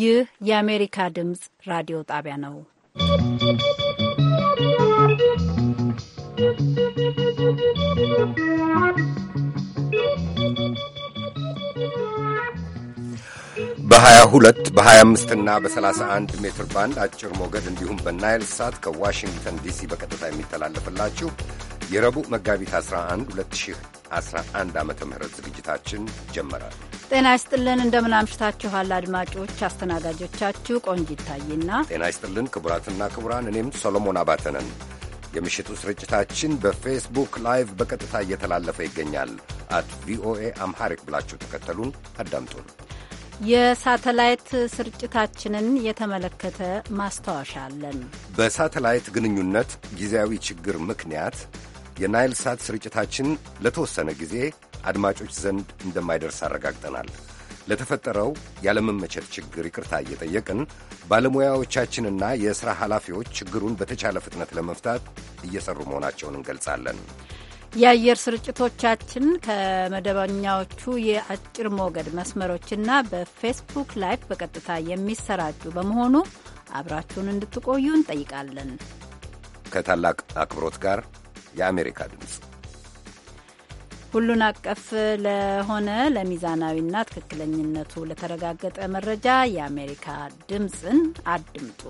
ይህ የአሜሪካ ድምፅ ራዲዮ ጣቢያ ነው። በ22 በ25 እና በ31 ሜትር ባንድ አጭር ሞገድ እንዲሁም በናይል ሳት ከዋሽንግተን ዲሲ በቀጥታ የሚተላለፍላችሁ የረቡዕ መጋቢት 11 2011 ዓ ም ዝግጅታችን ጀመራል። ጤና ይስጥልን እንደምን አምሽታችኋል አድማጮች። አስተናጋጆቻችሁ ቆንጅ ይታይና ጤና ይስጥልን ክቡራትና ክቡራን፣ እኔም ሰሎሞን አባተ ነን። የምሽቱ ስርጭታችን በፌስቡክ ላይቭ በቀጥታ እየተላለፈ ይገኛል። አት ቪኦኤ አምሃሪክ ብላችሁ ተከተሉን አዳምጡን። የሳተላይት ስርጭታችንን የተመለከተ ማስታወሻ አለን። በሳተላይት ግንኙነት ጊዜያዊ ችግር ምክንያት የናይል ሳት ስርጭታችን ለተወሰነ ጊዜ አድማጮች ዘንድ እንደማይደርስ አረጋግጠናል። ለተፈጠረው ያለመመቸት ችግር ይቅርታ እየጠየቅን ባለሙያዎቻችንና የሥራ ኃላፊዎች ችግሩን በተቻለ ፍጥነት ለመፍታት እየሠሩ መሆናቸውን እንገልጻለን። የአየር ስርጭቶቻችን ከመደበኛዎቹ የአጭር ሞገድ መስመሮችና በፌስቡክ ላይቭ በቀጥታ የሚሰራጩ በመሆኑ አብራችሁን እንድትቆዩ እንጠይቃለን። ከታላቅ አክብሮት ጋር የአሜሪካ ድምፅ ሁሉን አቀፍ ለሆነ ለሚዛናዊና ትክክለኝነቱ ለተረጋገጠ መረጃ የአሜሪካ ድምፅን አድምጡ።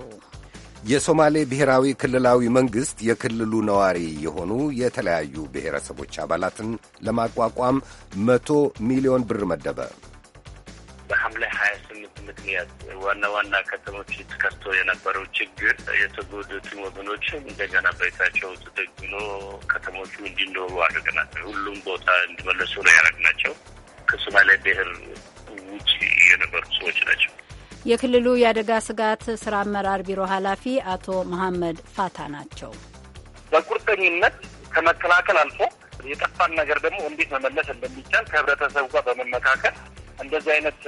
የሶማሌ ብሔራዊ ክልላዊ መንግሥት የክልሉ ነዋሪ የሆኑ የተለያዩ ብሔረሰቦች አባላትን ለማቋቋም መቶ ሚሊዮን ብር መደበ። በሐምሌ ሀያ ስምንት ምክንያት ዋና ዋና ከተሞች ተከስቶ የነበረው ችግር የተጎዱትን ወገኖችም እንደገና በቤታቸው ተደግኖ ከተሞቹ እንዲኖሩ አድርገናል። ሁሉም ቦታ እንዲመለሱ ነው ያደረግናቸው። ከሶማሌ ብሔር ውጭ የነበሩ ሰዎች ናቸው። የክልሉ የአደጋ ስጋት ስራ አመራር ቢሮ ኃላፊ አቶ መሐመድ ፋታ ናቸው። በቁርጠኝነት ከመከላከል አልፎ የጠፋን ነገር ደግሞ እንዴት መመለስ እንደሚቻል ከህብረተሰቡ ጋር በመመካከል እንደዚህ አይነት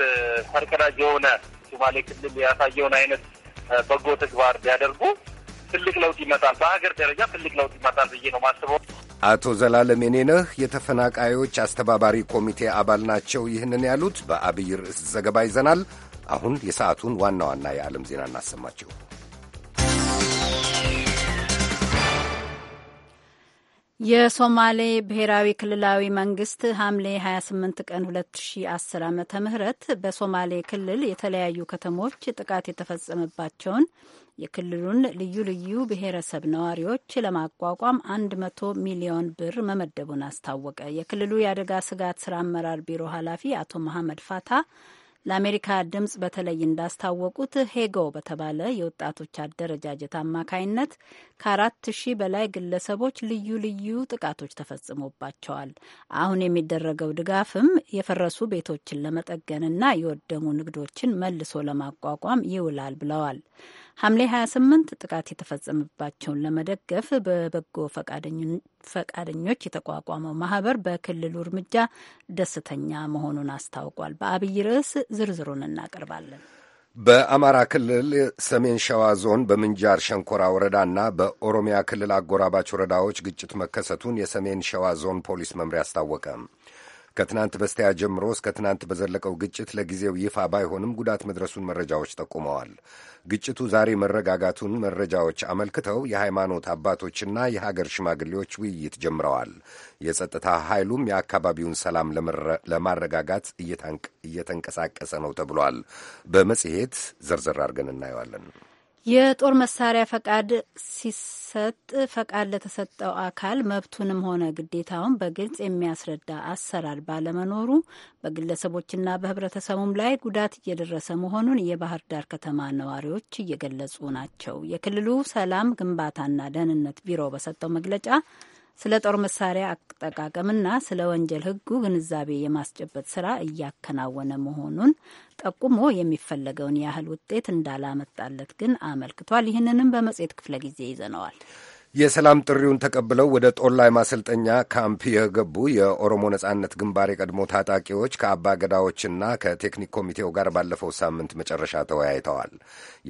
ፈርቀዳጅ የሆነ ሶማሌ ክልል ያሳየውን አይነት በጎ ተግባር ቢያደርጉ ትልቅ ለውጥ ይመጣል። በሀገር ደረጃ ትልቅ ለውጥ ይመጣል ብዬ ነው ማስበው። አቶ ዘላለም የኔነህ የተፈናቃዮች አስተባባሪ ኮሚቴ አባል ናቸው። ይህንን ያሉት በአብይ ርዕስ ዘገባ ይዘናል። አሁን የሰዓቱን ዋና ዋና የዓለም ዜና እናሰማቸው። የሶማሌ ብሔራዊ ክልላዊ መንግስት ሐምሌ 28 ቀን 2010 ዓ ም በሶማሌ ክልል የተለያዩ ከተሞች ጥቃት የተፈጸመባቸውን የክልሉን ልዩ ልዩ ብሔረሰብ ነዋሪዎች ለማቋቋም 100 ሚሊዮን ብር መመደቡን አስታወቀ። የክልሉ የአደጋ ስጋት ስራ አመራር ቢሮ ኃላፊ አቶ መሐመድ ፋታ ለአሜሪካ ድምፅ በተለይ እንዳስታወቁት ሄጎ በተባለ የወጣቶች አደረጃጀት አማካይነት ከአራት ሺህ በላይ ግለሰቦች ልዩ ልዩ ጥቃቶች ተፈጽሞባቸዋል። አሁን የሚደረገው ድጋፍም የፈረሱ ቤቶችን ለመጠገንና የወደሙ ንግዶችን መልሶ ለማቋቋም ይውላል ብለዋል። ሐምሌ 28 ጥቃት የተፈጸመባቸውን ለመደገፍ በበጎ ፈቃደኞች የተቋቋመው ማህበር በክልሉ እርምጃ ደስተኛ መሆኑን አስታውቋል። በአብይ ርዕስ ዝርዝሩን እናቀርባለን። በአማራ ክልል ሰሜን ሸዋ ዞን በምንጃር ሸንኮራ ወረዳና በኦሮሚያ ክልል አጎራባች ወረዳዎች ግጭት መከሰቱን የሰሜን ሸዋ ዞን ፖሊስ መምሪያ አስታወቀ። ከትናንት በስቲያ ጀምሮ እስከ ትናንት በዘለቀው ግጭት ለጊዜው ይፋ ባይሆንም ጉዳት መድረሱን መረጃዎች ጠቁመዋል። ግጭቱ ዛሬ መረጋጋቱን መረጃዎች አመልክተው የሃይማኖት አባቶችና የሀገር ሽማግሌዎች ውይይት ጀምረዋል። የጸጥታ ኃይሉም የአካባቢውን ሰላም ለማረጋጋት እየተንቀሳቀሰ ነው ተብሏል። በመጽሔት ዘርዘር አድርገን እናየዋለን። የጦር መሳሪያ ፈቃድ ሲሰጥ ፈቃድ ለተሰጠው አካል መብቱንም ሆነ ግዴታውን በግልጽ የሚያስረዳ አሰራር ባለመኖሩ በግለሰቦችና በህብረተሰቡም ላይ ጉዳት እየደረሰ መሆኑን የባህር ዳር ከተማ ነዋሪዎች እየገለጹ ናቸው። የክልሉ ሰላም ግንባታና ደህንነት ቢሮ በሰጠው መግለጫ ስለ ጦር መሳሪያ አጠቃቀምና ስለ ወንጀል ህጉ ግንዛቤ የማስጨበጥ ስራ እያከናወነ መሆኑን ጠቁሞ የሚፈለገውን ያህል ውጤት እንዳላመጣለት ግን አመልክቷል። ይህንንም በመጽሔት ክፍለ ጊዜ ይዘነዋል። የሰላም ጥሪውን ተቀብለው ወደ ጦላይ ማሰልጠኛ ካምፕ የገቡ የኦሮሞ ነጻነት ግንባር የቀድሞ ታጣቂዎች ከአባ ገዳዎችና ከቴክኒክ ኮሚቴው ጋር ባለፈው ሳምንት መጨረሻ ተወያይተዋል።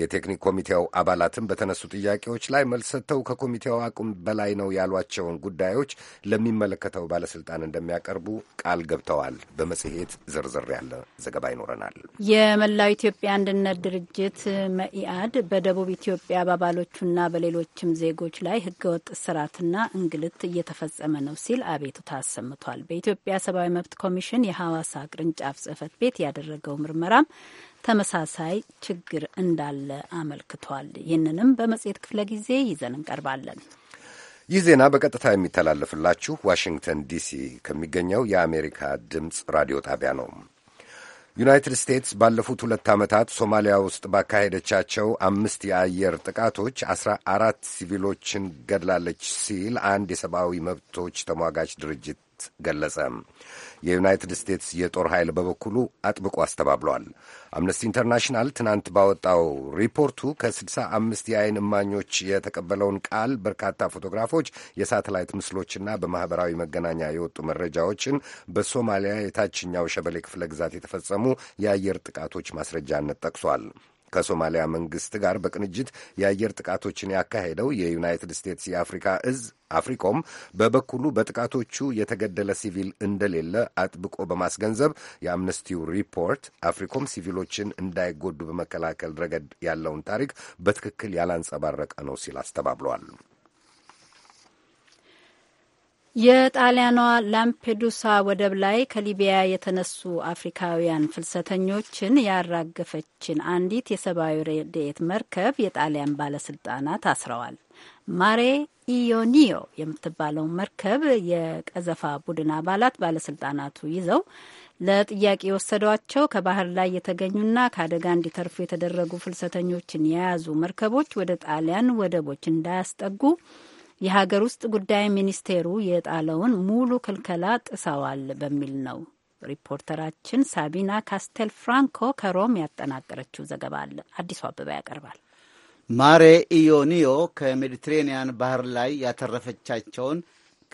የቴክኒክ ኮሚቴው አባላትም በተነሱ ጥያቄዎች ላይ መልስ ሰጥተው ከኮሚቴው አቅም በላይ ነው ያሏቸውን ጉዳዮች ለሚመለከተው ባለስልጣን እንደሚያቀርቡ ቃል ገብተዋል። በመጽሔት ዝርዝር ያለ ዘገባ ይኖረናል። የመላው ኢትዮጵያ አንድነት ድርጅት መኢአድ በደቡብ ኢትዮጵያ በአባሎቹና በሌሎችም ዜጎች ላይ ህገወጥ ስራትና እንግልት እየተፈጸመ ነው ሲል አቤቱታ አሰምቷል። በኢትዮጵያ ሰብአዊ መብት ኮሚሽን የሐዋሳ ቅርንጫፍ ጽህፈት ቤት ያደረገው ምርመራም ተመሳሳይ ችግር እንዳለ አመልክቷል። ይህንንም በመጽሔት ክፍለ ጊዜ ይዘን እንቀርባለን። ይህ ዜና በቀጥታ የሚተላለፍላችሁ ዋሽንግተን ዲሲ ከሚገኘው የአሜሪካ ድምፅ ራዲዮ ጣቢያ ነው። ዩናይትድ ስቴትስ ባለፉት ሁለት ዓመታት ሶማሊያ ውስጥ ባካሄደቻቸው አምስት የአየር ጥቃቶች አስራ አራት ሲቪሎችን ገድላለች ሲል አንድ የሰብአዊ መብቶች ተሟጋች ድርጅት ገለጸ። የዩናይትድ ስቴትስ የጦር ኃይል በበኩሉ አጥብቆ አስተባብሏል። አምነስቲ ኢንተርናሽናል ትናንት ባወጣው ሪፖርቱ ከ አምስት የአይን እማኞች የተቀበለውን ቃል በርካታ ፎቶግራፎች፣ የሳተላይት ምስሎችና በማኅበራዊ መገናኛ የወጡ መረጃዎችን በሶማሊያ የታችኛው ሸበሌ ክፍለ ግዛት የተፈጸሙ የአየር ጥቃቶች ማስረጃነት ጠቅሷል። ከሶማሊያ መንግስት ጋር በቅንጅት የአየር ጥቃቶችን ያካሄደው የዩናይትድ ስቴትስ የአፍሪካ እዝ አፍሪኮም በበኩሉ በጥቃቶቹ የተገደለ ሲቪል እንደሌለ አጥብቆ በማስገንዘብ የአምነስቲው ሪፖርት አፍሪኮም ሲቪሎችን እንዳይጎዱ በመከላከል ረገድ ያለውን ታሪክ በትክክል ያላንጸባረቀ ነው ሲል አስተባብሏል። የጣሊያኗ ላምፔዱሳ ወደብ ላይ ከሊቢያ የተነሱ አፍሪካውያን ፍልሰተኞችን ያራገፈችን አንዲት የሰብአዊ ረድኤት መርከብ የጣሊያን ባለስልጣናት አስረዋል። ማሬ ኢዮኒዮ የምትባለው መርከብ የቀዘፋ ቡድን አባላት ባለስልጣናቱ ይዘው ለጥያቄ የወሰዷቸው ከባህር ላይ የተገኙና ከአደጋ እንዲተርፉ የተደረጉ ፍልሰተኞችን የያዙ መርከቦች ወደ ጣሊያን ወደቦች እንዳያስጠጉ የሀገር ውስጥ ጉዳይ ሚኒስቴሩ የጣለውን ሙሉ ክልከላ ጥሰዋል በሚል ነው። ሪፖርተራችን ሳቢና ካስቴል ፍራንኮ ከሮም ያጠናቀረችው ዘገባ አለ። አዲሱ አበባ ያቀርባል። ማሬ ኢዮኒዮ ከሜዲትሬንያን ባህር ላይ ያተረፈቻቸውን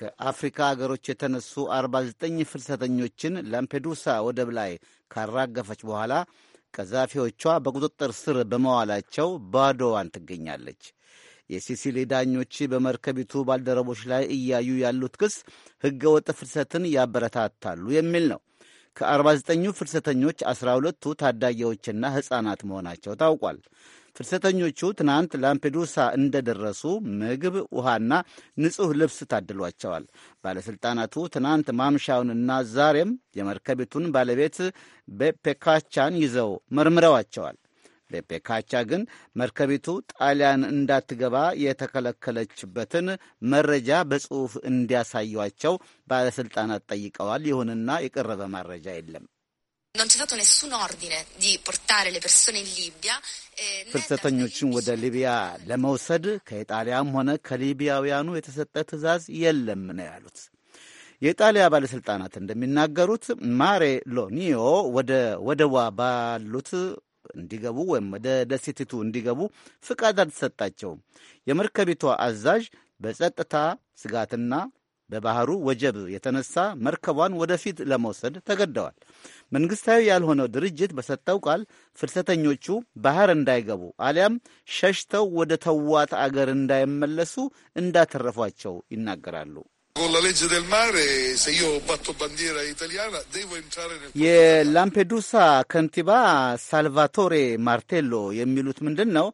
ከአፍሪካ አገሮች የተነሱ 49 ፍልሰተኞችን ላምፔዱሳ ወደብ ላይ ካራገፈች በኋላ ቀዛፊዎቿ በቁጥጥር ስር በመዋላቸው ባዶዋን ትገኛለች። የሲሲሊ ዳኞች በመርከቢቱ ባልደረቦች ላይ እያዩ ያሉት ክስ ሕገወጥ ፍልሰትን ያበረታታሉ የሚል ነው። ከ49ኙ ፍልሰተኞች 12ቱ ታዳጊዎችና ሕፃናት መሆናቸው ታውቋል። ፍልሰተኞቹ ትናንት ላምፔዱሳ እንደደረሱ ምግብ፣ ውሃና ንጹሕ ልብስ ታድሏቸዋል። ባለሥልጣናቱ ትናንት ማምሻውንና ዛሬም የመርከቢቱን ባለቤት ቤፔካቻን ይዘው መርምረዋቸዋል። ለፔካቻ ግን መርከቢቱ ጣሊያን እንዳትገባ የተከለከለችበትን መረጃ በጽሑፍ እንዲያሳዩቸው ባለሥልጣናት ጠይቀዋል። ይሁንና የቀረበ መረጃ የለም። eh, ፍልሰተኞችን ወደ ሊቢያ ለመውሰድ ከኢጣሊያም ሆነ ከሊቢያውያኑ የተሰጠ ትዕዛዝ የለም ነው ያሉት። የኢጣሊያ ባለሥልጣናት እንደሚናገሩት ማሬ ሎኒዮ ወደ ወደዋ ባሉት እንዲገቡ ወይም ወደ ደሴቲቱ እንዲገቡ ፍቃድ አልተሰጣቸውም። የመርከቢቷ አዛዥ በጸጥታ ስጋትና በባህሩ ወጀብ የተነሳ መርከቧን ወደፊት ለመውሰድ ተገደዋል። መንግስታዊ ያልሆነው ድርጅት በሰጠው ቃል ፍልሰተኞቹ ባህር እንዳይገቡ አሊያም ሸሽተው ወደ ተዋት አገር እንዳይመለሱ እንዳተረፏቸው ይናገራሉ። የላምፔዱሳ ከንቲባ ሳልቫቶሬ ማርቴሎ የሚሉት ምንድን ነው?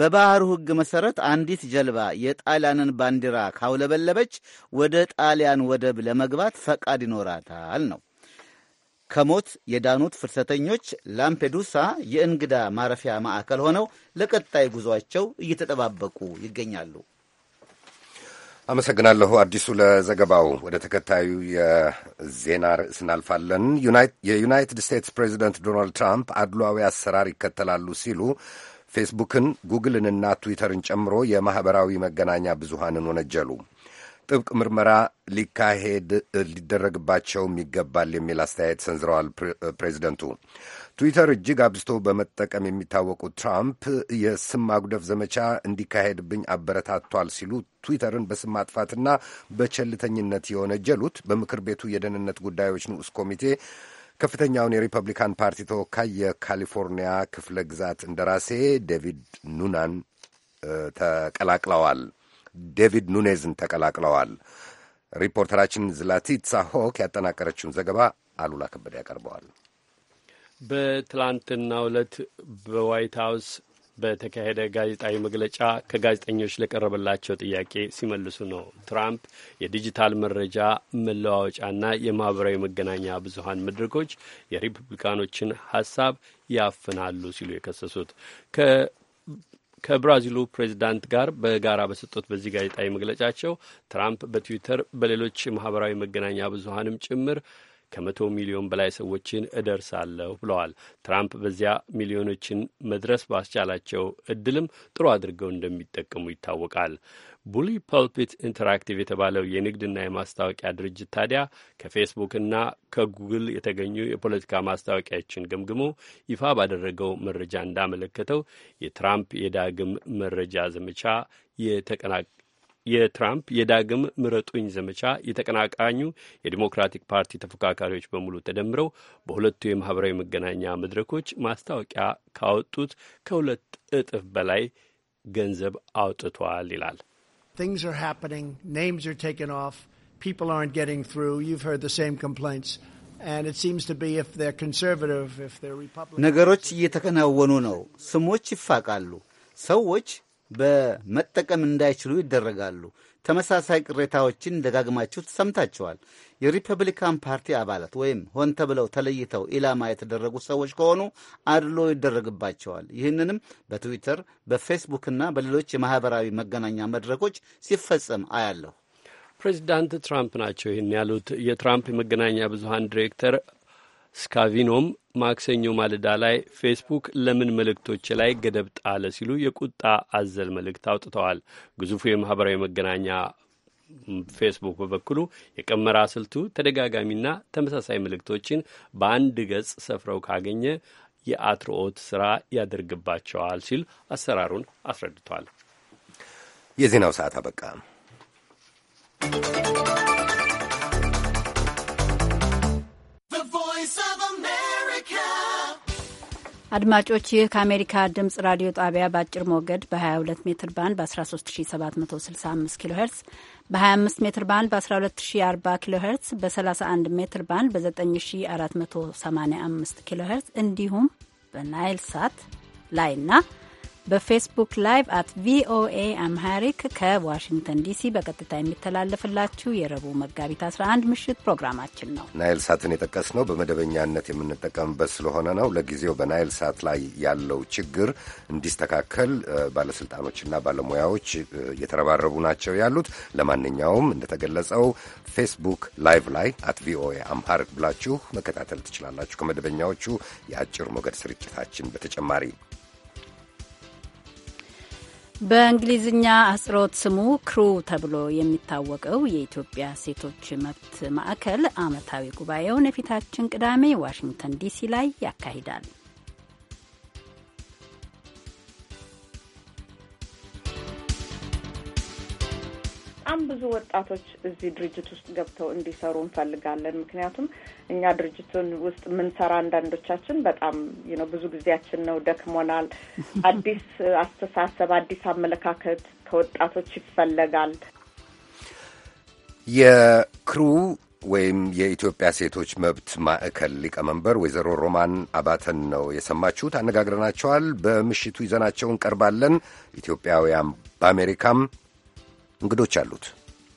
በባህሩ ሕግ መሠረት አንዲት ጀልባ የጣሊያንን ባንዲራ ካውለበለበች ወደ ጣሊያን ወደብ ለመግባት ፈቃድ ይኖራታል ነው። ከሞት የዳኑት ፍልሰተኞች ላምፔዱሳ የእንግዳ ማረፊያ ማዕከል ሆነው ለቀጣይ ጉዟቸው እየተጠባበቁ ይገኛሉ። አመሰግናለሁ አዲሱ ለዘገባው። ወደ ተከታዩ የዜና ርዕስ እናልፋለን። የዩናይትድ ስቴትስ ፕሬዚደንት ዶናልድ ትራምፕ አድሏዊ አሰራር ይከተላሉ ሲሉ ፌስቡክን፣ ጉግልንና ትዊተርን ጨምሮ የማኅበራዊ መገናኛ ብዙሃንን ወነጀሉ። ጥብቅ ምርመራ ሊካሄድ ሊደረግባቸውም ይገባል የሚል አስተያየት ሰንዝረዋል ፕሬዚደንቱ። ትዊተር እጅግ አብዝቶ በመጠቀም የሚታወቁት ትራምፕ የስም ማጉደፍ ዘመቻ እንዲካሄድብኝ አበረታቷል ሲሉ ትዊተርን በስም ማጥፋትና በቸልተኝነት የወነጀሉት በምክር ቤቱ የደህንነት ጉዳዮች ንዑስ ኮሚቴ ከፍተኛውን የሪፐብሊካን ፓርቲ ተወካይ የካሊፎርኒያ ክፍለ ግዛት እንደራሴ ዴቪድ ኑናን ተቀላቅለዋል። ዴቪድ ኑኔዝን ተቀላቅለዋል። ሪፖርተራችን ዝላቲትሳ ሆክ ያጠናቀረችውን ዘገባ አሉላ ከበደ ያቀርበዋል። በትላንትና ዕለት በዋይት ሀውስ በተካሄደ ጋዜጣዊ መግለጫ ከጋዜጠኞች ለቀረበላቸው ጥያቄ ሲመልሱ ነው ትራምፕ የዲጂታል መረጃ መለዋወጫና የማህበራዊ መገናኛ ብዙሀን መድረኮች የሪፐብሊካኖችን ሀሳብ ያፍናሉ ሲሉ የከሰሱት ከብራዚሉ ፕሬዚዳንት ጋር በጋራ በሰጡት በዚህ ጋዜጣዊ መግለጫቸው ትራምፕ በትዊተር በሌሎች ማህበራዊ መገናኛ ብዙሀንም ጭምር ከመቶ ሚሊዮን በላይ ሰዎችን እደርሳለሁ ብለዋል። ትራምፕ በዚያ ሚሊዮኖችን መድረስ ባስቻላቸው እድልም ጥሩ አድርገው እንደሚጠቀሙ ይታወቃል። ቡሊ ፐልፒት ኢንተራክቲቭ የተባለው የንግድና የማስታወቂያ ድርጅት ታዲያ ከፌስቡክና ከጉግል የተገኙ የፖለቲካ ማስታወቂያዎችን ገምግሞ ይፋ ባደረገው መረጃ እንዳመለከተው የትራምፕ የዳግም መረጃ ዘመቻ የትራምፕ የዳግም ምረጡኝ ዘመቻ የተቀናቃኙ የዲሞክራቲክ ፓርቲ ተፎካካሪዎች በሙሉ ተደምረው በሁለቱ የማህበራዊ መገናኛ መድረኮች ማስታወቂያ ካወጡት ከሁለት እጥፍ በላይ ገንዘብ አውጥቷል ይላል። things are happening, names are taken off, people aren't getting through. You've heard the same complaints. And it seems to be if they're conservative, if they're Republican. ነገሮች እየተከናወኑ ነው። ስሞች ይፋቃሉ። ሰዎች በመጠቀም እንዳይችሉ ይደረጋሉ። ተመሳሳይ ቅሬታዎችን ደጋግማችሁ ሰምታችኋል። የሪፐብሊካን ፓርቲ አባላት ወይም ሆን ተብለው ተለይተው ኢላማ የተደረጉ ሰዎች ከሆኑ አድሎ ይደረግባቸዋል። ይህንንም በትዊተር በፌስቡክና በሌሎች የማህበራዊ መገናኛ መድረኮች ሲፈጸም አያለሁ። ፕሬዚዳንት ትራምፕ ናቸው ይህን ያሉት። የትራምፕ የመገናኛ ብዙሀን ዲሬክተር ስካቪኖም ማክሰኞ ማለዳ ላይ ፌስቡክ ለምን መልእክቶች ላይ ገደብ ጣለ ሲሉ የቁጣ አዘል መልእክት አውጥተዋል። ግዙፉ የማህበራዊ መገናኛ ፌስቡክ በበኩሉ የቀመራ ስልቱ ተደጋጋሚና ተመሳሳይ መልእክቶችን በአንድ ገጽ ሰፍረው ካገኘ የአትርኦት ስራ ያደርግባቸዋል ሲል አሰራሩን አስረድቷል። የዜናው ሰዓት አበቃ። አድማጮች ይህ ከአሜሪካ ድምጽ ራዲዮ ጣቢያ በአጭር ሞገድ በ22 ሜትር ባንድ በ13765 ኪሎ ሄርስ በ25 ሜትር ባንድ በ1240 ኪሎ ሄርስ በ31 ሜትር ባንድ በ9485 ኪሎ ሄርስ እንዲሁም በናይል ሳት ላይና በፌስቡክ ላይቭ አት ቪኦኤ አምሃሪክ ከዋሽንግተን ዲሲ በቀጥታ የሚተላለፍላችሁ የረቡዕ መጋቢት 11 ምሽት ፕሮግራማችን ነው። ናይል ሳትን ነው በመደበኛነት የምንጠቀምበት ስለሆነ ነው። ለጊዜው በናይል ሳት ላይ ያለው ችግር እንዲስተካከል ባለስልጣኖችና ባለሙያዎች እየተረባረቡ ናቸው ያሉት። ለማንኛውም እንደተገለጸው ፌስቡክ ላይቭ ላይ አት ቪኦኤ አምሃሪክ ብላችሁ መከታተል ትችላላችሁ ከመደበኛዎቹ የአጭር ሞገድ ስርጭታችን በተጨማሪ በእንግሊዝኛ አጽሮት ስሙ ክሩ ተብሎ የሚታወቀው የኢትዮጵያ ሴቶች መብት ማዕከል ዓመታዊ ጉባኤውን የፊታችን ቅዳሜ ዋሽንግተን ዲሲ ላይ ያካሂዳል። በጣም ብዙ ወጣቶች እዚህ ድርጅት ውስጥ ገብተው እንዲሰሩ እንፈልጋለን። ምክንያቱም እኛ ድርጅቱን ውስጥ የምንሰራ አንዳንዶቻችን በጣም ነው ብዙ ጊዜያችን ነው፣ ደክሞናል። አዲስ አስተሳሰብ፣ አዲስ አመለካከት ከወጣቶች ይፈለጋል። የክሩ ወይም የኢትዮጵያ ሴቶች መብት ማዕከል ሊቀመንበር ወይዘሮ ሮማን አባተን ነው የሰማችሁት። አነጋግረናቸዋል። በምሽቱ ይዘናቸውን ቀርባለን። ኢትዮጵያውያን በአሜሪካም እንግዶች አሉት።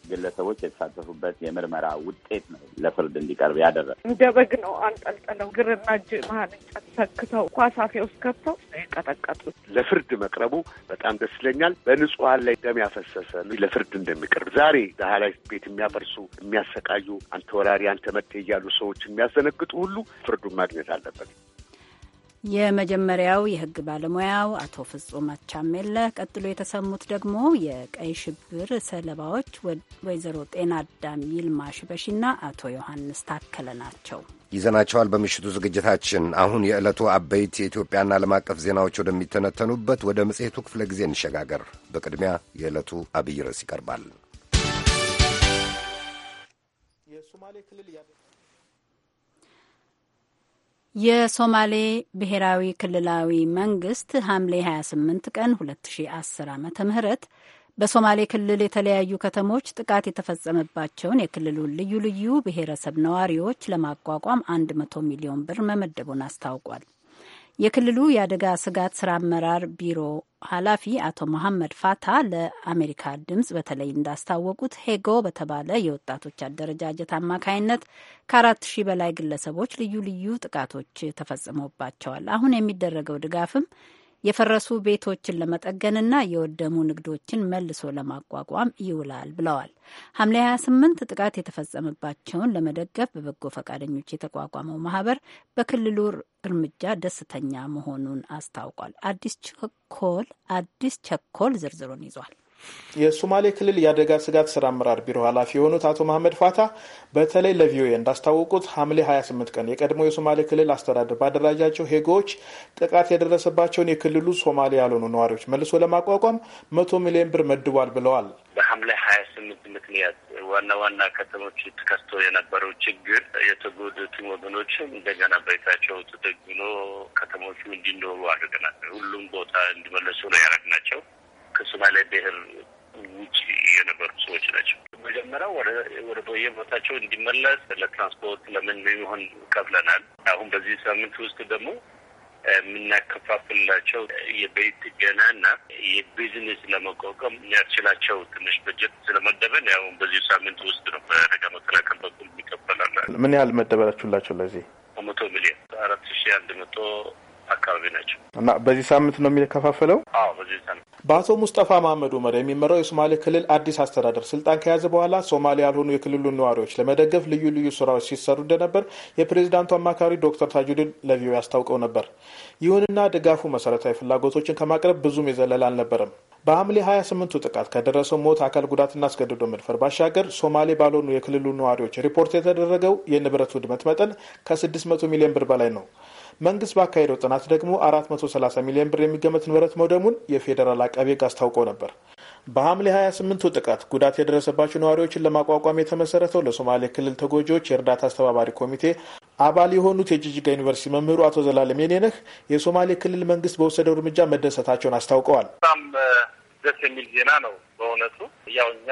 ግለሰቦች የተሳተፉበት የምርመራ ውጤት ነው ለፍርድ እንዲቀርብ ያደረግ እንደ በግ ነው አንጠልጥለው ግርና እጅ መሀል እንጨት ሰክተው ኳሳፌ ውስጥ ከተው የቀጠቀጡት። ለፍርድ መቅረቡ በጣም ደስ ይለኛል። በንጹሀን ላይ ደም ያፈሰሰ ለፍርድ እንደሚቀርብ ዛሬ ድሀ ላይ ቤት የሚያፈርሱ የሚያሰቃዩ፣ አንተ ወራሪ አንተ መጤ እያሉ ሰዎች የሚያዘነግጡ ሁሉ ፍርዱን ማግኘት አለበት። የመጀመሪያው የህግ ባለሙያው አቶ ፍጹም አቻሜለ፣ ቀጥሎ የተሰሙት ደግሞ የቀይ ሽብር ሰለባዎች ወይዘሮ ጤና አዳም ይልማ ሽበሺና አቶ ዮሐንስ ታከለ ናቸው። ይዘናቸዋል በምሽቱ ዝግጅታችን። አሁን የዕለቱ አበይት የኢትዮጵያና ዓለም አቀፍ ዜናዎች ወደሚተነተኑበት ወደ መጽሔቱ ክፍለ ጊዜ እንሸጋገር። በቅድሚያ የዕለቱ አብይ ርዕስ ይቀርባል። የሶማሌ ክልል የሶማሌ ብሔራዊ ክልላዊ መንግስት ሐምሌ 28 ቀን 2010 ዓ ም በሶማሌ ክልል የተለያዩ ከተሞች ጥቃት የተፈጸመባቸውን የክልሉን ልዩ ልዩ ብሔረሰብ ነዋሪዎች ለማቋቋም 100 ሚሊዮን ብር መመደቡን አስታውቋል። የክልሉ የአደጋ ስጋት ስራ አመራር ቢሮ ኃላፊ አቶ መሐመድ ፋታ ለአሜሪካ ድምፅ በተለይ እንዳስታወቁት ሄጎ በተባለ የወጣቶች አደረጃጀት አማካይነት ከአራት ሺህ በላይ ግለሰቦች ልዩ ልዩ ጥቃቶች ተፈጽሞባቸዋል። አሁን የሚደረገው ድጋፍም የፈረሱ ቤቶችን ለመጠገንና የወደሙ ንግዶችን መልሶ ለማቋቋም ይውላል ብለዋል። ሐምሌ 28 ጥቃት የተፈጸመባቸውን ለመደገፍ በበጎ ፈቃደኞች የተቋቋመው ማህበር በክልሉ እርምጃ ደስተኛ መሆኑን አስታውቋል። አዲስ ቸኮል አዲስ ቸኮል ዝርዝሩን ይዟል። የሶማሌ ክልል የአደጋ ስጋት ስራ አመራር ቢሮ ኃላፊ የሆኑት አቶ መሐመድ ፋታ በተለይ ለቪኦኤ እንዳስታወቁት ሐምሌ 28 ቀን የቀድሞ የሶማሌ ክልል አስተዳደር ባደራጃቸው ሄጎዎች ጥቃት የደረሰባቸውን የክልሉ ሶማሌ ያልሆኑ ነዋሪዎች መልሶ ለማቋቋም መቶ ሚሊዮን ብር መድቧል ብለዋል። በሐምሌ 28 ምክንያት ዋና ዋና ከተሞች ተከስቶ የነበረው ችግር የተጎዱትን ወገኖችም እንደገና በቤታቸው ተደግኖ ከተሞቹ እንዲኖሩ አድርገናል። ሁሉም ቦታ እንዲመለሱ ነው ያደረግናቸው። ከሶማሊያ ብሔር ውጭ የነበሩ ሰዎች ናቸው። መጀመሪያው ወደ ቦታቸው እንዲመለስ ለትራንስፖርት ለምን የሚሆን ከፍለናል። አሁን በዚህ ሳምንት ውስጥ ደግሞ የምናከፋፍላቸው የቤት ገናና የቢዝነስ ለመቋቋም የሚያስችላቸው ትንሽ በጀት ስለመደበን ያው በዚህ ሳምንት ውስጥ ነው በአደጋ መከላከል በኩል ይከፈላል። ምን ያህል መደበላችሁላቸው? ለዚህ መቶ ሚሊዮን አራት ሺ አንድ መቶ አካባቢ ናቸው እና በዚህ ሳምንት ነው የሚከፋፈለው። አዎ በዚህ ሳምንት በአቶ ሙስጠፋ መሀመድ ኡመር የሚመራው የሶማሌ ክልል አዲስ አስተዳደር ስልጣን ከያዘ በኋላ ሶማሌ ያልሆኑ የክልሉን ነዋሪዎች ለመደገፍ ልዩ ልዩ ስራዎች ሲሰሩ እንደነበር የፕሬዚዳንቱ አማካሪ ዶክተር ታጁዲን ለቪዮ አስታውቀው ነበር። ይሁንና ድጋፉ መሰረታዊ ፍላጎቶችን ከማቅረብ ብዙም የዘለል አልነበረም። በሐምሌ 28ቱ ጥቃት ከደረሰው ሞት፣ አካል ጉዳትና አስገድዶ መድፈር ባሻገር ሶማሌ ባልሆኑ የክልሉ ነዋሪዎች ሪፖርት የተደረገው የንብረት ውድመት መጠን ከ600 ሚሊዮን ብር በላይ ነው። መንግስት ባካሄደው ጥናት ደግሞ 430 ሚሊዮን ብር የሚገመት ንብረት መውደሙን የፌዴራል አቃቤ ሕግ አስታውቆ ነበር። በሐምሌ 28ቱ ጥቃት ጉዳት የደረሰባቸው ነዋሪዎችን ለማቋቋም የተመሰረተው ለሶማሌ ክልል ተጎጂዎች የእርዳታ አስተባባሪ ኮሚቴ አባል የሆኑት የጅጅጋ ዩኒቨርሲቲ መምህሩ አቶ ዘላለም የኔነህ የሶማሌ ክልል መንግስት በወሰደው እርምጃ መደሰታቸውን አስታውቀዋል። በጣም ደስ የሚል ዜና ነው። በእውነቱ ያው እኛ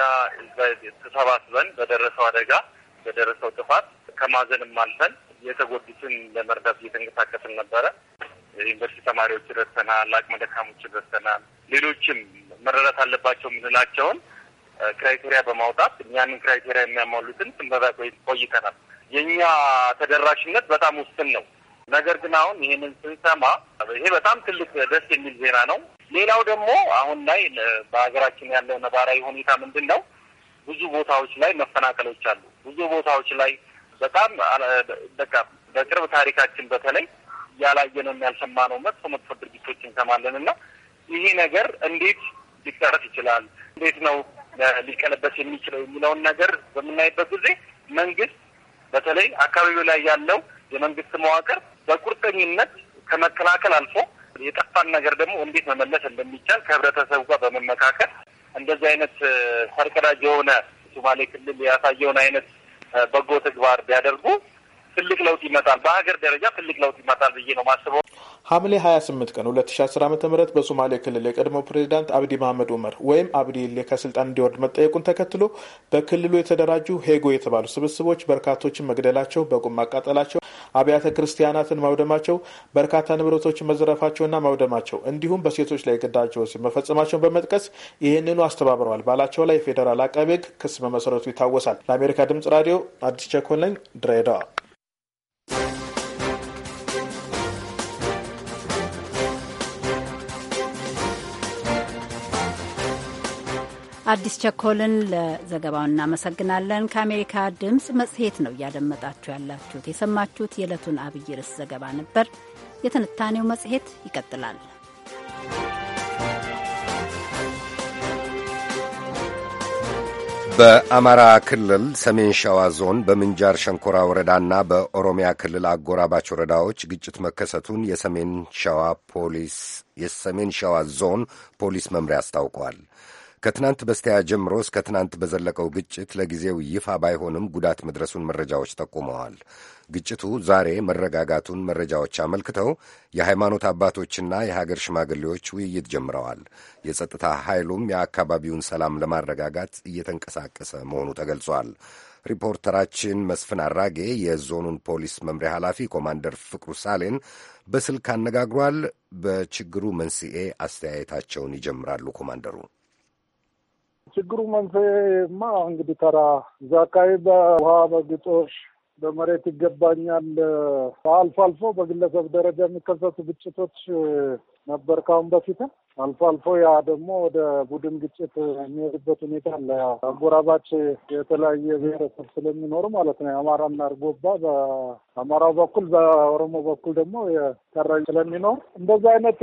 ተሰባስበን በደረሰው አደጋ በደረሰው ጥፋት ከማዘንም አልፈን የተጎዱትን ለመርዳት እየተንቀሳቀስን ነበረ። ዩኒቨርሲቲ ተማሪዎች ደርሰናል፣ አቅመ ደካሞች ደርሰናል። ሌሎችም መረዳት አለባቸው የምንላቸውን ክራይቴሪያ በማውጣት እኛንን ክራይቴሪያ የሚያሟሉትን ስንበዛ ቆይተናል። የእኛ ተደራሽነት በጣም ውስን ነው። ነገር ግን አሁን ይህንን ስንሰማ ይሄ በጣም ትልቅ ደስ የሚል ዜና ነው። ሌላው ደግሞ አሁን ላይ በሀገራችን ያለው ነባራዊ ሁኔታ ምንድን ነው? ብዙ ቦታዎች ላይ መፈናቀሎች አሉ። ብዙ ቦታዎች ላይ በጣም በቃ በቅርብ ታሪካችን በተለይ ያላየነው ያልሰማነው መጥፎ መጥፎ ድርጊቶች እንሰማለን እና ይሄ ነገር እንዴት ሊቀረፍ ይችላል፣ እንዴት ነው ሊቀለበስ የሚችለው የሚለውን ነገር በምናይበት ጊዜ መንግስት በተለይ አካባቢው ላይ ያለው የመንግስት መዋቅር በቁርጠኝነት ከመከላከል አልፎ የጠፋን ነገር ደግሞ እንዴት መመለስ እንደሚቻል ከህብረተሰቡ ጋር በመመካከል እንደዚህ አይነት ፈርቀዳጅ የሆነ ሶማሌ ክልል ያሳየውን አይነት በጎ ተግባር ቢያደርጉ ትልቅ ለውጥ ይመጣል፣ በሀገር ደረጃ ትልቅ ለውጥ ይመጣል ብዬ ነው ማስበው። ሐምሌ 28 ቀን 2010 ዓ ም በሶማሌ ክልል የቀድሞው ፕሬዚዳንት አብዲ መሐመድ ኡመር ወይም አብዲ ኢሌ ከስልጣን እንዲወርድ መጠየቁን ተከትሎ በክልሉ የተደራጁ ሄጎ የተባሉ ስብስቦች በርካቶችን መግደላቸው፣ በቁም ማቃጠላቸው፣ አብያተ ክርስቲያናትን ማውደማቸው፣ በርካታ ንብረቶችን መዘረፋቸውና ማውደማቸው እንዲሁም በሴቶች ላይ ግዳጅ ወሲብ መፈጸማቸውን በመጥቀስ ይህንኑ አስተባብረዋል ባላቸው ላይ ፌዴራል አቃቤ ሕግ ክስ መመሰረቱ ይታወሳል። ለአሜሪካ ድምጽ ራዲዮ አዲስ ቸኮለኝ ድሬዳዋ አዲስ ቸኮልን ለዘገባው እናመሰግናለን። ከአሜሪካ ድምፅ መጽሔት ነው እያደመጣችሁ ያላችሁት። የሰማችሁት የዕለቱን አብይ ርዕስ ዘገባ ነበር። የትንታኔው መጽሔት ይቀጥላል። በአማራ ክልል ሰሜን ሸዋ ዞን በምንጃር ሸንኮራ ወረዳና በኦሮሚያ ክልል አጎራባች ወረዳዎች ግጭት መከሰቱን የሰሜን ሸዋ ፖሊስ የሰሜን ሸዋ ዞን ፖሊስ መምሪያ አስታውቋል። ከትናንት በስቲያ ጀምሮ እስከ ትናንት በዘለቀው ግጭት ለጊዜው ይፋ ባይሆንም ጉዳት መድረሱን መረጃዎች ጠቁመዋል። ግጭቱ ዛሬ መረጋጋቱን መረጃዎች አመልክተው የሃይማኖት አባቶችና የሀገር ሽማግሌዎች ውይይት ጀምረዋል። የጸጥታ ኃይሉም የአካባቢውን ሰላም ለማረጋጋት እየተንቀሳቀሰ መሆኑ ተገልጿል። ሪፖርተራችን መስፍን አራጌ የዞኑን ፖሊስ መምሪያ ኃላፊ ኮማንደር ፍቅሩ ሳሌን በስልክ አነጋግሯል። በችግሩ መንስኤ አስተያየታቸውን ይጀምራሉ ኮማንደሩ ችግሩ መንስኤማ እንግዲህ ተራ እዛ አካባቢ በውሃ በግጦሽ በመሬት ይገባኛል አልፎ አልፎ በግለሰብ ደረጃ የሚከሰቱ ግጭቶች ነበር ካሁን በፊትም አልፎ አልፎ ያ ደግሞ ወደ ቡድን ግጭት የሚሄድበት ሁኔታ አለ። አጎራባች የተለያየ ብሔረሰብ ስለሚኖሩ ማለት ነው። የአማራና ርጎባ በአማራው በኩል በኦሮሞ በኩል ደግሞ የቀረ ስለሚኖር እንደዚህ አይነት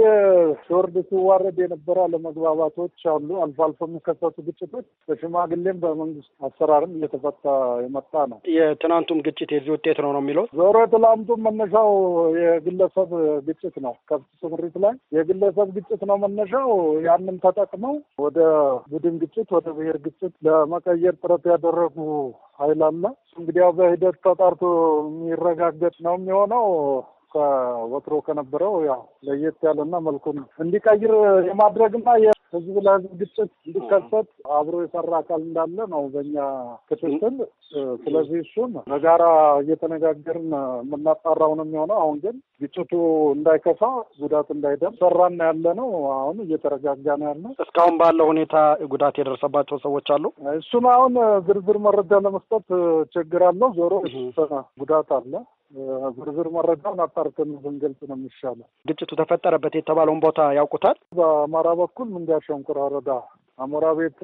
ሲወርድ ሲዋረድ የነበረ አለመግባባቶች አሉ። አልፎ አልፎ የሚከሰቱ ግጭቶች በሽማግሌም በመንግስት አሰራርም እየተፈታ የመጣ ነው። የትናንቱም ግጭት የዚህ ውጤት ነው ነው የሚለው ዞሮ ትላንቱም መነሻው የግለሰብ ግጭት ነው ከብት ስምሪት ላይ የግለሰብ ግጭት ነው መነሻው። ያንን ተጠቅመው ወደ ቡድን ግጭት፣ ወደ ብሔር ግጭት ለመቀየር ጥረት ያደረጉ ኃይል አለ። እንግዲያው በሂደት ተጣርቶ የሚረጋገጥ ነው የሚሆነው። ከወትሮ ከነበረው ያው ለየት ያለና መልኩን እንዲቀይር የማድረግና ህዝብ ለህዝብ ግጭት እንዲከሰት አብሮ የሰራ አካል እንዳለ ነው በእኛ ክትትል። ስለዚህ እሱን በጋራ እየተነጋገርን የምናጣራው ነው የሚሆነው። አሁን ግን ግጭቱ እንዳይከፋ፣ ጉዳት እንዳይደም ሰራና ያለ ነው። አሁን እየተረጋጋ ነው ያለ። እስካሁን ባለው ሁኔታ ጉዳት የደረሰባቸው ሰዎች አሉ። እሱን አሁን ዝርዝር መረጃ ለመስጠት ችግር አለው። ዞሮ ጉዳት አለ። ዝርዝር መረጃውን አጣርተን ብንገልጽ ነው የሚሻለው። ግጭቱ ተፈጠረበት የተባለውን ቦታ ያውቁታል። በአማራ በኩል ምንጋ ሸንኮራ ወረዳ አሞራ ቤት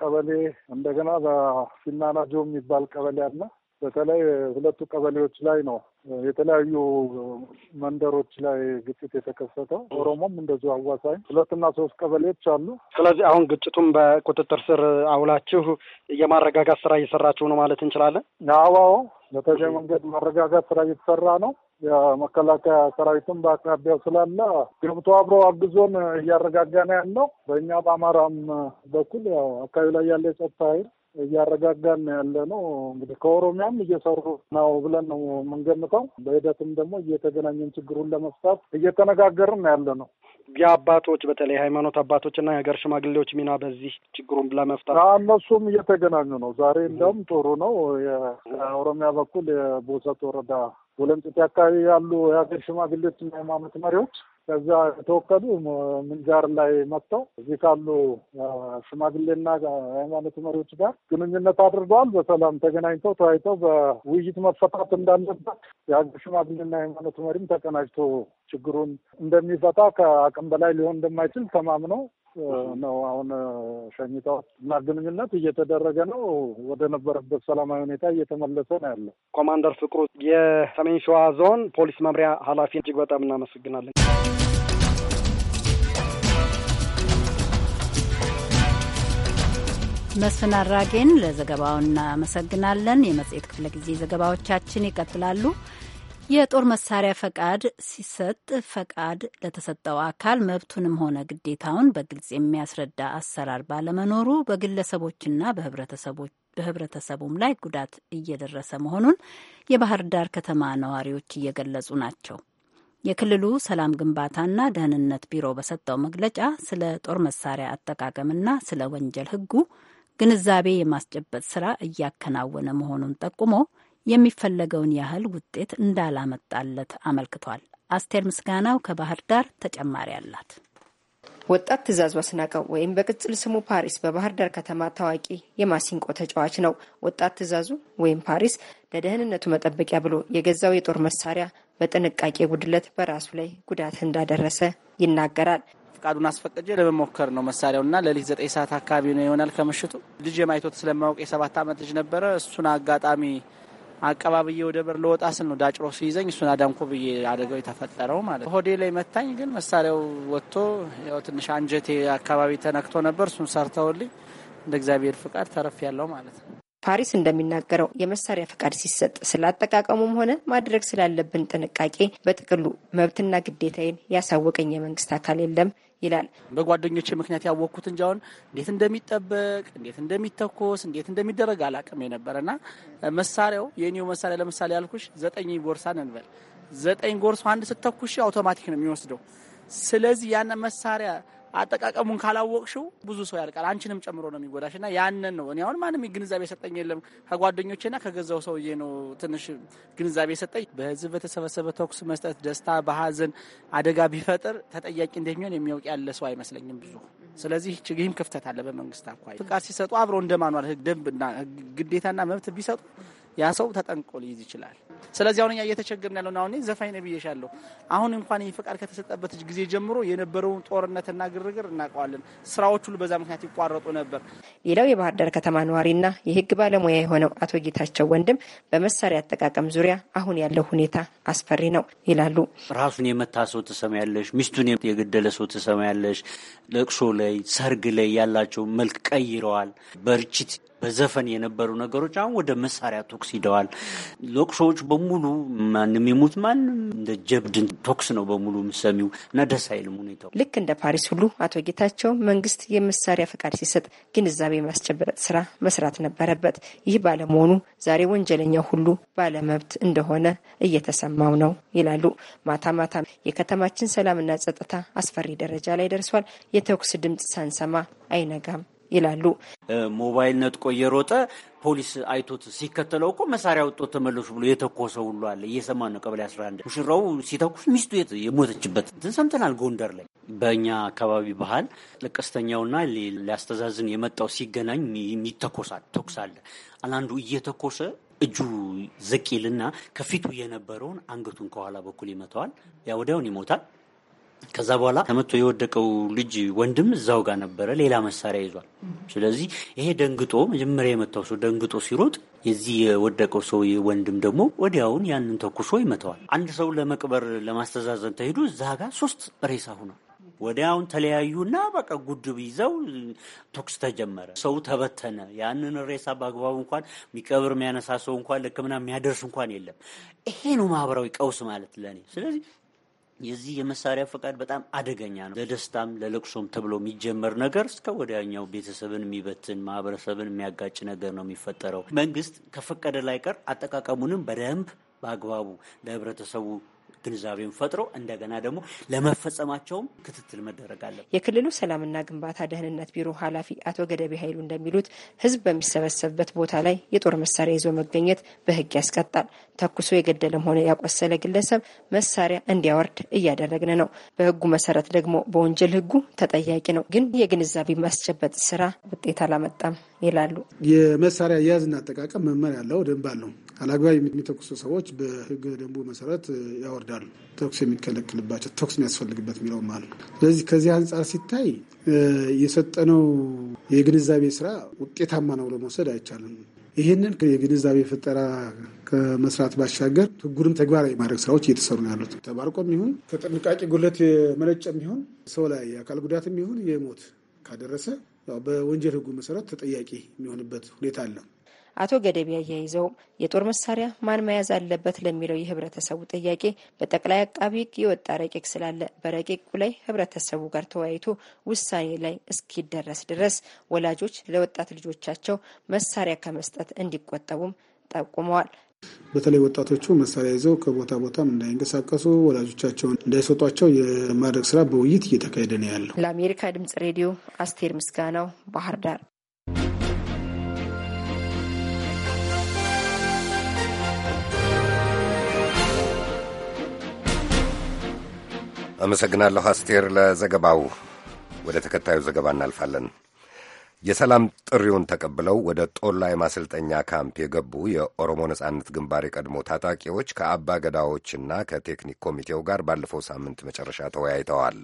ቀበሌ እንደገና በሲናናጆ የሚባል ቀበሌ አለ። በተለይ ሁለቱ ቀበሌዎች ላይ ነው የተለያዩ መንደሮች ላይ ግጭት የተከሰተው። ኦሮሞም እንደዚሁ አዋሳኝ ሁለትና ሶስት ቀበሌዎች አሉ። ስለዚህ አሁን ግጭቱም በቁጥጥር ስር አውላችሁ የማረጋጋት ስራ እየሰራችሁ ነው ማለት እንችላለን? አዎ በተለይ መንገድ ማረጋጋት ስራ እየተሰራ ነው። የመከላከያ ሰራዊትም በአቅራቢያው ስላለ ገብቶ አብሮ አግዞን እያረጋጋ ነው ያለው። በእኛ በአማራም በኩል ያው አካባቢ ላይ ያለ የጸጥታ ኃይል እያረጋጋን ነው ያለ ነው። እንግዲህ ከኦሮሚያም እየሰሩ ነው ብለን ነው የምንገምተው። በሂደትም ደግሞ እየተገናኘን ችግሩን ለመፍታት እየተነጋገርን ያለ ነው። የአባቶች በተለይ ሃይማኖት አባቶች እና የሀገር ሽማግሌዎች ሚና በዚህ ችግሩን ለመፍታት እነሱም እየተገናኙ ነው። ዛሬ እንደውም ጥሩ ነው። የኦሮሚያ በኩል የቦሰት ወረዳ ወለምጤቴ አካባቢ ያሉ የሀገር ሽማግሌዎችና የሃይማኖት መሪዎች ከዛ የተወከሉ ምንጃር ላይ መጥተው እዚህ ካሉ ሽማግሌና ሃይማኖት መሪዎች ጋር ግንኙነት አድርገዋል። በሰላም ተገናኝተው ተወያይተው በውይይት መፈታት እንዳለበት የሀገር ሽማግሌና ሃይማኖት መሪም ተቀናጅቶ ችግሩን እንደሚፈታ ከአቅም በላይ ሊሆን እንደማይችል ተማምነው ነው አሁን ሸኝታው እና ግንኙነት እየተደረገ ነው። ወደ ነበረበት ሰላማዊ ሁኔታ እየተመለሰ ነው ያለው። ኮማንደር ፍቅሩ የሰሜን ሸዋ ዞን ፖሊስ መምሪያ ኃላፊ፣ እጅግ በጣም እናመሰግናለን። መስፍን አራጌን ለዘገባው እናመሰግናለን። የመጽሔት ክፍለ ጊዜ ዘገባዎቻችን ይቀጥላሉ። የጦር መሳሪያ ፈቃድ ሲሰጥ ፈቃድ ለተሰጠው አካል መብቱንም ሆነ ግዴታውን በግልጽ የሚያስረዳ አሰራር ባለመኖሩ በግለሰቦችና በህብረተሰቦች በህብረተሰቡም ላይ ጉዳት እየደረሰ መሆኑን የባህር ዳር ከተማ ነዋሪዎች እየገለጹ ናቸው። የክልሉ ሰላም ግንባታና ደህንነት ቢሮ በሰጠው መግለጫ ስለ ጦር መሳሪያ አጠቃቀምና ስለ ወንጀል ህጉ ግንዛቤ የማስጨበጥ ስራ እያከናወነ መሆኑን ጠቁሞ የሚፈለገውን ያህል ውጤት እንዳላመጣለት አመልክቷል። አስቴር ምስጋናው ከባህር ዳር ተጨማሪ አላት። ወጣት ትእዛዝ አስናቀው ወይም በቅጽል ስሙ ፓሪስ በባህር ዳር ከተማ ታዋቂ የማሲንቆ ተጫዋች ነው። ወጣት ትእዛዙ ወይም ፓሪስ ለደህንነቱ መጠበቂያ ብሎ የገዛው የጦር መሳሪያ በጥንቃቄ ጉድለት በራሱ ላይ ጉዳት እንዳደረሰ ይናገራል። ፍቃዱን አስፈቅጄ ለመሞከር ነው መሳሪያውና ለሊት ዘጠኝ ሰዓት አካባቢ ነው ይሆናል ከምሽቱ ልጅ የማይቶት ስለማወቅ የሰባት ዓመት ልጅ ነበረ። እሱን አጋጣሚ አቀባብዬ ወደ በር ለወጣ ስል ነው ዳጭሮ ሲይዘኝ እሱን አዳንኮ ብዬ አደገው የተፈጠረው ማለት ሆዴ ላይ መታኝ። ግን መሳሪያው ወጥቶ ያው ትንሽ አንጀቴ አካባቢ ተነክቶ ነበር። እሱን ሰርተውልኝ እንደ እግዚአብሔር ፍቃድ ተረፍ ያለው ማለት ነው። ፓሪስ እንደሚናገረው የመሳሪያ ፈቃድ ሲሰጥ ስላጠቃቀሙም ሆነ ማድረግ ስላለብን ጥንቃቄ በጥቅሉ መብትና ግዴታዬን ያሳወቀኝ የመንግስት አካል የለም ይላል። በጓደኞቼ ምክንያት ያወቅኩት እንጂ እንዴት እንደሚጠበቅ እንዴት እንደሚተኮስ እንዴት እንደሚደረግ አላቅም የነበረና መሳሪያው የኒው መሳሪያ ለምሳሌ ያልኩሽ ዘጠኝ ጎርሳን እንበል ዘጠኝ ጎርሶ አንድ ስተኩሽ አውቶማቲክ ነው የሚወስደው። ስለዚህ ያን መሳሪያ አጠቃቀሙን ካላወቅሽው ብዙ ሰው ያልቃል፣ አንቺንም ጨምሮ ነው የሚጎዳሽ። እና ያንን ነው እኔ አሁን ማንም ግንዛቤ የሰጠኝ የለም። ከጓደኞቼና ከገዛው ሰውዬ ነው ትንሽ ግንዛቤ የሰጠኝ። በህዝብ በተሰበሰበ ተኩስ መስጠት ደስታ በሀዘን አደጋ ቢፈጥር ተጠያቂ እንደሚሆን የሚያውቅ ያለ ሰው አይመስለኝም ብዙ። ስለዚህ ችግህም ክፍተት አለ በመንግስት አኳያ ፍቃድ ሲሰጡ አብሮ እንደማኗል ደንብና ግዴታና መብት ቢሰጡ ያ ሰው ተጠንቆ ሊይዝ ይችላል። ስለዚህ አሁን እኛ እየተቸገርን ያለውን አሁን ዘፋኝ ነው ብዬሻለሁ። አሁን እንኳን ይህ ፈቃድ ከተሰጠበት ጊዜ ጀምሮ የነበረውን ጦርነትና ግርግር እናውቀዋለን። ስራዎች ሁሉ በዛ ምክንያት ይቋረጡ ነበር። ሌላው የባህር ዳር ከተማ ነዋሪና የህግ ባለሙያ የሆነው አቶ ጌታቸው ወንድም በመሳሪያ አጠቃቀም ዙሪያ አሁን ያለው ሁኔታ አስፈሪ ነው ይላሉ። ራሱን የመታ ሰው ትሰማያለሽ፣ ሚስቱን የገደለ ሰው ትሰማያለሽ። ለቅሶ ላይ ሰርግ ላይ ያላቸው መልክ ቀይረዋል። በርችት በዘፈን የነበሩ ነገሮች አሁን ወደ መሳሪያ ቶክስ ሂደዋል። ሎቅሶዎች በሙሉ ማንም የሙት ማንም እንደ ጀብድን ቶክስ ነው በሙሉ የምሰሚው እና ደስ አይልም ሁኔታው። ልክ እንደ ፓሪስ ሁሉ አቶ ጌታቸው መንግስት የመሳሪያ ፈቃድ ሲሰጥ ግንዛቤ ማስጨበጥ ስራ መስራት ነበረበት። ይህ ባለመሆኑ ዛሬ ወንጀለኛው ሁሉ ባለመብት እንደሆነ እየተሰማው ነው ይላሉ። ማታ ማታ የከተማችን ሰላምና ጸጥታ አስፈሪ ደረጃ ላይ ደርሷል። የተኩስ ድምፅ ሳንሰማ አይነጋም ይላሉ። ሞባይል ነጥቆ እየሮጠ ፖሊስ አይቶት ሲከተለው እኮ መሳሪያ ወጦ ተመለሱ ብሎ የተኮሰ ሁሉ አለ። እየሰማ ነው። ቀበሌ 11 ሙሽራው ሲተኩስ ሚስቱ የሞተችበት እንትን ሰምተናል። ጎንደር ላይ በእኛ አካባቢ ባህል ለቀስተኛውና ሊያስተዛዝን የመጣው ሲገናኝ የሚተኮሳል ተኩስ አለ። እየተኮሰ እጁ ዘቂልና ከፊቱ የነበረውን አንገቱን ከኋላ በኩል ይመታዋል። ያ ወዲያውን ይሞታል። ከዛ በኋላ ተመቶ የወደቀው ልጅ ወንድም እዛው ጋር ነበረ፣ ሌላ መሳሪያ ይዟል። ስለዚህ ይሄ ደንግጦ መጀመሪያ የመታው ሰው ደንግጦ ሲሮጥ የዚህ የወደቀው ሰው ወንድም ደግሞ ወዲያውን ያንን ተኩሶ ይመታዋል። አንድ ሰው ለመቅበር ለማስተዛዘን ተሄዱ፣ እዛ ጋር ሶስት ሬሳ ሆኗል። ወዲያውን ተለያዩና በቃ ጉድብ ይዘው ተኩስ ተጀመረ። ሰው ተበተነ። ያንን ሬሳ በአግባቡ እንኳን የሚቀብር የሚያነሳ ሰው እንኳን ለሕክምና የሚያደርስ እንኳን የለም። ይሄ ነው ማህበራዊ ቀውስ ማለት ለእኔ። ስለዚህ የዚህ የመሳሪያ ፈቃድ በጣም አደገኛ ነው። ለደስታም ለለቅሶም ተብሎ የሚጀመር ነገር እስከ ወዲያኛው ቤተሰብን የሚበትን ማህበረሰብን የሚያጋጭ ነገር ነው የሚፈጠረው። መንግስት ከፈቀደ ላይ ቀር አጠቃቀሙንም በደንብ በአግባቡ ለህብረተሰቡ ግንዛቤን ፈጥሮ እንደገና ደግሞ ለመፈጸማቸውም ክትትል መደረግ አለ። የክልሉ ሰላምና ግንባታ ደህንነት ቢሮ ኃላፊ አቶ ገደቤ ኃይሉ እንደሚሉት ህዝብ በሚሰበሰብበት ቦታ ላይ የጦር መሳሪያ ይዞ መገኘት በህግ ያስቀጣል። ተኩሶ የገደለም ሆነ ያቆሰለ ግለሰብ መሳሪያ እንዲያወርድ እያደረግን ነው። በህጉ መሰረት ደግሞ በወንጀል ህጉ ተጠያቂ ነው። ግን የግንዛቤ ማስጨበጥ ስራ ውጤት አላመጣም። ይላሉ። የመሳሪያ አያያዝና አጠቃቀም መመሪያ ያለው ደንብ አለው። አላግባብ የሚተኩሱ ሰዎች በህገ ደንቡ መሰረት ያወርዳሉ። ተኩስ የሚከለክልባቸው ተኩስ የሚያስፈልግበት የሚለው ማለት ስለዚህ ከዚህ አንጻር ሲታይ የሰጠነው የግንዛቤ ስራ ውጤታማ ነው ብሎ መውሰድ አይቻልም። ይህንን የግንዛቤ ፈጠራ ከመስራት ባሻገር ህጉንም ተግባራዊ ማድረግ ስራዎች እየተሰሩ ነው ያሉት። ተባርቆ ይሁን ከጥንቃቄ ጉለት የመለጨም ይሁን ሰው ላይ የአካል ጉዳት ይሁን የሞት ካደረሰ በወንጀል ህጉ መሰረት ተጠያቂ የሚሆንበት ሁኔታ አለ። አቶ ገደቢ አያይዘው የጦር መሳሪያ ማን መያዝ አለበት ለሚለው የህብረተሰቡ ጥያቄ በጠቅላይ አቃቢ ህግ የወጣ ረቂቅ ስላለ በረቂቁ ላይ ህብረተሰቡ ጋር ተወያይቶ ውሳኔ ላይ እስኪደረስ ድረስ ወላጆች ለወጣት ልጆቻቸው መሳሪያ ከመስጠት እንዲቆጠቡም ጠቁመዋል። በተለይ ወጣቶቹ መሳሪያ ይዘው ከቦታ ቦታም እንዳይንቀሳቀሱ ወላጆቻቸውን እንዳይሰጧቸው የማድረግ ስራ በውይይት እየተካሄደ ነው ያለው። ለአሜሪካ ድምጽ ሬዲዮ አስቴር ምስጋናው ባህር ዳር። አመሰግናለሁ አስቴር ለዘገባው። ወደ ተከታዩ ዘገባ እናልፋለን። የሰላም ጥሪውን ተቀብለው ወደ ጦላ የማሰልጠኛ ካምፕ የገቡ የኦሮሞ ነጻነት ግንባር የቀድሞ ታጣቂዎች ከአባ ገዳዎችና ከቴክኒክ ኮሚቴው ጋር ባለፈው ሳምንት መጨረሻ ተወያይተዋል።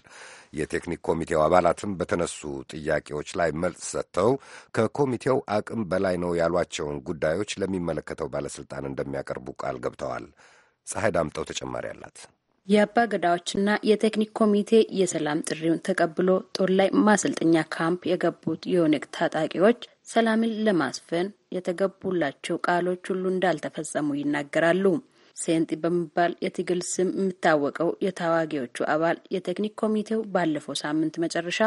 የቴክኒክ ኮሚቴው አባላትም በተነሱ ጥያቄዎች ላይ መልስ ሰጥተው ከኮሚቴው አቅም በላይ ነው ያሏቸውን ጉዳዮች ለሚመለከተው ባለሥልጣን እንደሚያቀርቡ ቃል ገብተዋል። ፀሐይ ዳምጠው ተጨማሪ አላት። የአባ ገዳዎችና የቴክኒክ ኮሚቴ የሰላም ጥሪውን ተቀብሎ ጦር ላይ ማሰልጠኛ ካምፕ የገቡት የኦነግ ታጣቂዎች ሰላምን ለማስፈን የተገቡላቸው ቃሎች ሁሉ እንዳልተፈጸሙ ይናገራሉ። ሴንጢ በመባል የትግል ስም የሚታወቀው የታዋጊዎቹ አባል የቴክኒክ ኮሚቴው ባለፈው ሳምንት መጨረሻ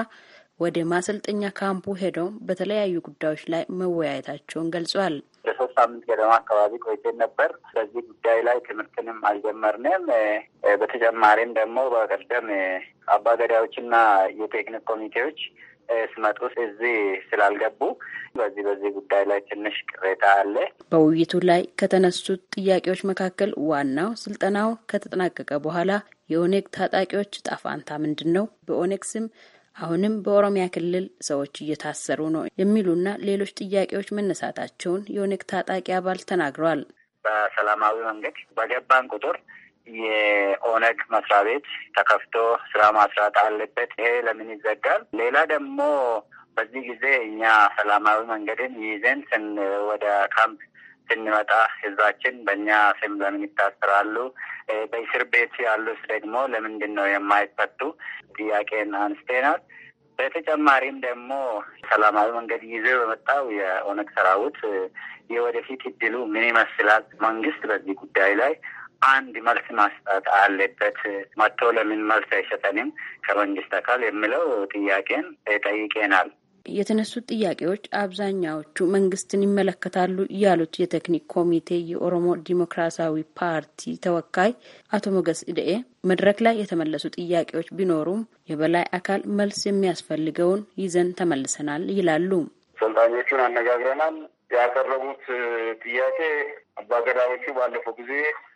ወደ ማሰልጠኛ ካምፑ ሄደው በተለያዩ ጉዳዮች ላይ መወያየታቸውን ገልጿል። ለሶስት ሳምንት ገደማ አካባቢ ቆይተን ነበር። በዚህ ጉዳይ ላይ ትምህርትንም አልጀመርንም። በተጨማሪም ደግሞ በቀደም አባ ገዳዮችና የቴክኒክ ኮሚቴዎች ስመጡ እዚህ ስላልገቡ በዚህ በዚህ ጉዳይ ላይ ትንሽ ቅሬታ አለ። በውይይቱ ላይ ከተነሱት ጥያቄዎች መካከል ዋናው ስልጠናው ከተጠናቀቀ በኋላ የኦኔግ ታጣቂዎች ጣፋንታ ምንድን ነው? በኦኔግ ስም አሁንም በኦሮሚያ ክልል ሰዎች እየታሰሩ ነው የሚሉና ሌሎች ጥያቄዎች መነሳታቸውን የኦነግ ታጣቂ አባል ተናግሯል። በሰላማዊ መንገድ በገባን ቁጥር የኦነግ መስሪያ ቤት ተከፍቶ ስራ ማስራት አለበት። ይሄ ለምን ይዘጋል? ሌላ ደግሞ በዚህ ጊዜ እኛ ሰላማዊ መንገድን ይዘን ስን ወደ ካምፕ ስንመጣ ህዝባችን በእኛ ስም ለምን ይታሰራሉ? በእስር ቤት ያሉት ደግሞ ለምንድን ነው የማይፈቱ? ጥያቄን አንስቴናል። በተጨማሪም ደግሞ ሰላማዊ መንገድ ይዞ በመጣው የኦነግ ሰራዊት የወደፊት እድሉ ምን ይመስላል? መንግስት በዚህ ጉዳይ ላይ አንድ መልስ ማስጣት አለበት። መጥቶ ለምን መልስ አይሰጠንም ከመንግስት አካል የሚለው ጥያቄን ጠይቄናል። የተነሱት ጥያቄዎች አብዛኛዎቹ መንግስትን ይመለከታሉ ያሉት የቴክኒክ ኮሚቴ የኦሮሞ ዲሞክራሲያዊ ፓርቲ ተወካይ አቶ ሞገስ እድኤ መድረክ ላይ የተመለሱ ጥያቄዎች ቢኖሩም የበላይ አካል መልስ የሚያስፈልገውን ይዘን ተመልሰናል ይላሉ። ሰልጣኞቹን አነጋግረናል። ያቀረቡት ጥያቄ አባገዳዎቹ ባለፈው ጊዜ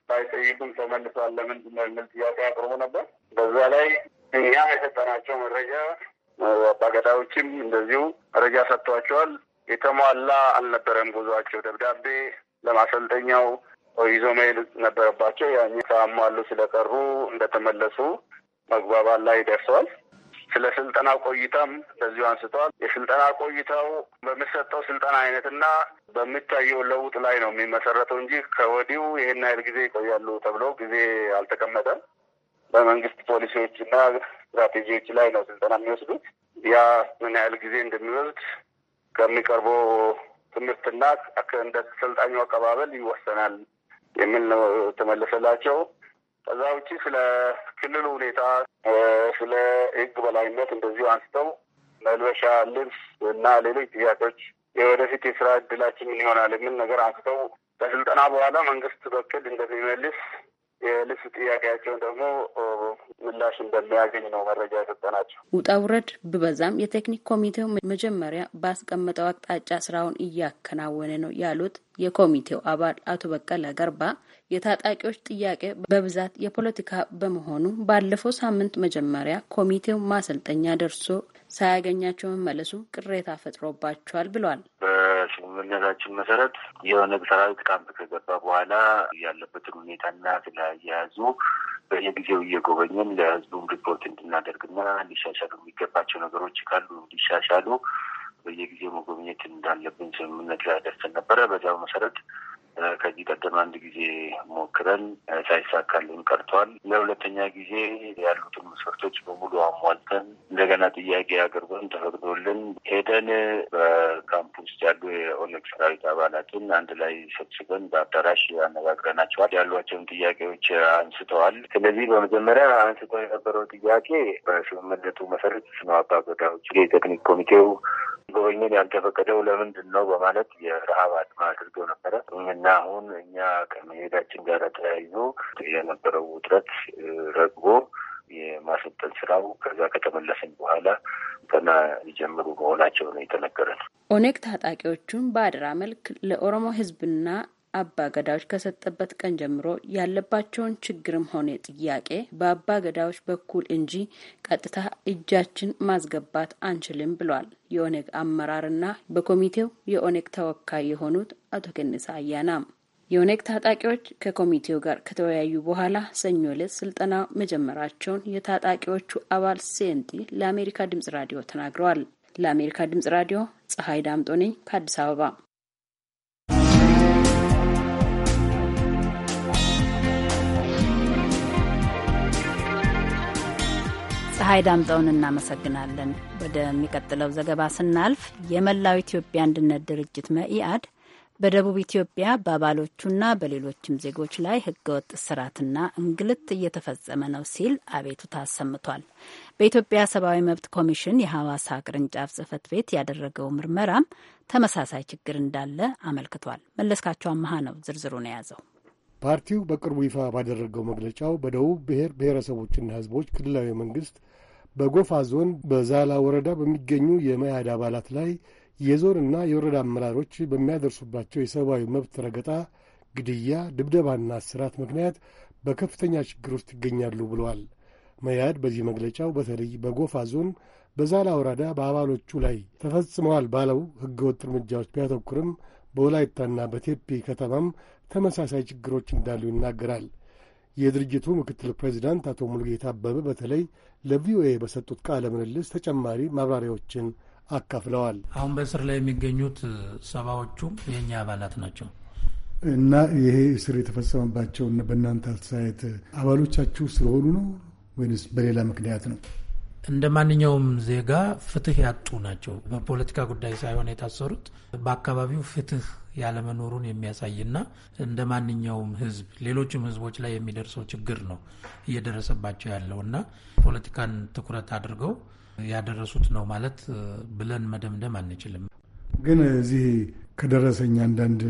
ባይጠይቁም ተመልሷል ለምንድን ነው የሚል ጥያቄ አቅርቦ ነበር። በዛ ላይ እኛም የሰጠናቸው መረጃ አባገዳዎችም እንደዚሁ መረጃ ሰጥቷቸዋል። የተሟላ አልነበረም ጉዟቸው። ደብዳቤ ለማሰልጠኛው ይዞ መሄድ ነበረባቸው። ያኛ ሳሟሉ ስለቀሩ እንደተመለሱ መግባባት ላይ ደርሰዋል። ስለ ስልጠና ቆይታም በዚሁ አንስተዋል። የስልጠና ቆይታው በሚሰጠው ስልጠና አይነትና በሚታየው ለውጥ ላይ ነው የሚመሰረተው እንጂ ከወዲሁ ይህን ያህል ጊዜ ይቆያሉ ተብሎ ጊዜ አልተቀመጠም። በመንግስት ፖሊሲዎችና ስትራቴጂዎች ላይ ነው ስልጠና የሚወስዱት። ያ ምን ያህል ጊዜ እንደሚወስድ ከሚቀርበው ትምህርትና እንደ ሰልጣኙ አቀባበል ይወሰናል የሚል ነው ተመለሰላቸው። ከዛ ውጭ ስለ ክልሉ ሁኔታ፣ ስለ ህግ በላይነት እንደዚሁ አንስተው መልበሻ ልብስ እና ሌሎች ጥያቄዎች የወደፊት የስራ እድላችን ምን ይሆናል የሚል ነገር አንስተው ከስልጠና በኋላ መንግስት በክል እንደሚመልስ የልብስ ጥያቄያቸውን ደግሞ ምላሽ እንደሚያገኝ ነው መረጃ የሰጠናቸው። ውጣ ውረድ ብበዛም የቴክኒክ ኮሚቴው መጀመሪያ ባስቀመጠው አቅጣጫ ስራውን እያከናወነ ነው ያሉት የኮሚቴው አባል አቶ በቀለ ገርባ የታጣቂዎች ጥያቄ በብዛት የፖለቲካ በመሆኑ ባለፈው ሳምንት መጀመሪያ ኮሚቴው ማሰልጠኛ ደርሶ ሳያገኛቸው መመለሱ ቅሬታ ፈጥሮባቸዋል ብሏል። በስምምነታችን መሰረት የኦነግ ሰራዊት ካምፕ ከገባ በኋላ ያለበትን ሁኔታና ስለያያዙ በየጊዜው እየጎበኘን ለህዝቡም ሪፖርት እንድናደርግና ሊሻሻሉ የሚገባቸው ነገሮች ካሉ እንዲሻሻሉ በየጊዜው መጎብኘት እንዳለብን ስምምነት ላይ ደርሰን ነበረ። በዚያው መሰረት ከዚህ ቀደም አንድ ጊዜ ሞክረን ሳይሳካልን ቀርቷል። ለሁለተኛ ጊዜ ያሉትን መስፈርቶች በሙሉ አሟልተን እንደገና ጥያቄ አቅርበን ተፈቅዶልን ሄደን በካምፕ ውስጥ ያሉ የኦነግ ሰራዊት አባላትን አንድ ላይ ሰብስበን በአዳራሽ አነጋግረናቸዋል። ያሏቸውን ጥያቄዎች አንስተዋል። ስለዚህ በመጀመሪያ አንስተው የነበረው ጥያቄ በስምምነቱ መሰረት ስኖ አባ ገዳዎች የቴክኒክ ኮሚቴው ጎበኝን ያልተፈቀደው ለምንድን ነው በማለት የረሀብ አድማ አድርገው ነበረ። እና አሁን እኛ ከመሄዳችን ጋር ተያይዞ የነበረው ውጥረት ረግቦ የማሰልጠን ስራው ከዛ ከተመለስን በኋላ ገና ሊጀምሩ መሆናቸው ነው የተነገረን። ኦነግ ታጣቂዎቹን በአድራ መልክ ለኦሮሞ ህዝብና አባ ገዳዎች ከሰጠበት ቀን ጀምሮ ያለባቸውን ችግርም ሆነ ጥያቄ በአባ ገዳዎች በኩል እንጂ ቀጥታ እጃችን ማስገባት አንችልም ብሏል። የኦነግ አመራርና በኮሚቴው የኦነግ ተወካይ የሆኑት አቶ ገንሳ አያና የኦነግ ታጣቂዎች ከኮሚቴው ጋር ከተወያዩ በኋላ ሰኞ ዕለት ስልጠና መጀመራቸውን የታጣቂዎቹ አባል ሴንቲ ለአሜሪካ ድምጽ ራዲዮ ተናግረዋል። ለአሜሪካ ድምጽ ራዲዮ ፀሐይ ዳምጦ ነኝ ከአዲስ አበባ። ፀሐይ ዳምጠውን እናመሰግናለን። ወደሚቀጥለው ዘገባ ስናልፍ የመላው ኢትዮጵያ አንድነት ድርጅት መኢአድ በደቡብ ኢትዮጵያ በአባሎቹና በሌሎችም ዜጎች ላይ ህገወጥ እስራትና እንግልት እየተፈጸመ ነው ሲል አቤቱታ አሰምቷል። በኢትዮጵያ ሰብአዊ መብት ኮሚሽን የሐዋሳ ቅርንጫፍ ጽህፈት ቤት ያደረገው ምርመራም ተመሳሳይ ችግር እንዳለ አመልክቷል። መለስካቸው አመሃ ነው ዝርዝሩን የያዘው። ፓርቲው በቅርቡ ይፋ ባደረገው መግለጫው በደቡብ ብሔር ብሔረሰቦችና ህዝቦች ክልላዊ መንግስት በጎፋ ዞን በዛላ ወረዳ በሚገኙ የመያድ አባላት ላይ የዞንና የወረዳ አመራሮች በሚያደርሱባቸው የሰብአዊ መብት ረገጣ፣ ግድያ፣ ድብደባና እስራት ምክንያት በከፍተኛ ችግር ውስጥ ይገኛሉ ብለዋል። መያድ በዚህ መግለጫው በተለይ በጎፋ ዞን በዛላ ወረዳ በአባሎቹ ላይ ተፈጽመዋል ባለው ሕገወጥ እርምጃዎች ቢያተኩርም በወላይታና በቴፒ ከተማም ተመሳሳይ ችግሮች እንዳሉ ይናገራል። የድርጅቱ ምክትል ፕሬዚዳንት አቶ ሙሉጌታ አበበ በተለይ ለቪኦኤ በሰጡት ቃለ ምልልስ ተጨማሪ ማብራሪያዎችን አካፍለዋል። አሁን በእስር ላይ የሚገኙት ሰባዎቹም የእኛ አባላት ናቸው እና ይሄ እስር የተፈጸመባቸው በእናንተ አስተያየት አባሎቻችሁ ስለሆኑ ነው ወይንስ በሌላ ምክንያት ነው? እንደ ማንኛውም ዜጋ ፍትህ ያጡ ናቸው። በፖለቲካ ጉዳይ ሳይሆን የታሰሩት በአካባቢው ፍትህ ያለመኖሩን የሚያሳይና እንደ ማንኛውም ህዝብ ሌሎችም ህዝቦች ላይ የሚደርሰው ችግር ነው እየደረሰባቸው ያለው እና ፖለቲካን ትኩረት አድርገው ያደረሱት ነው ማለት ብለን መደምደም አንችልም። ግን እዚህ ከደረሰኝ አንዳንድ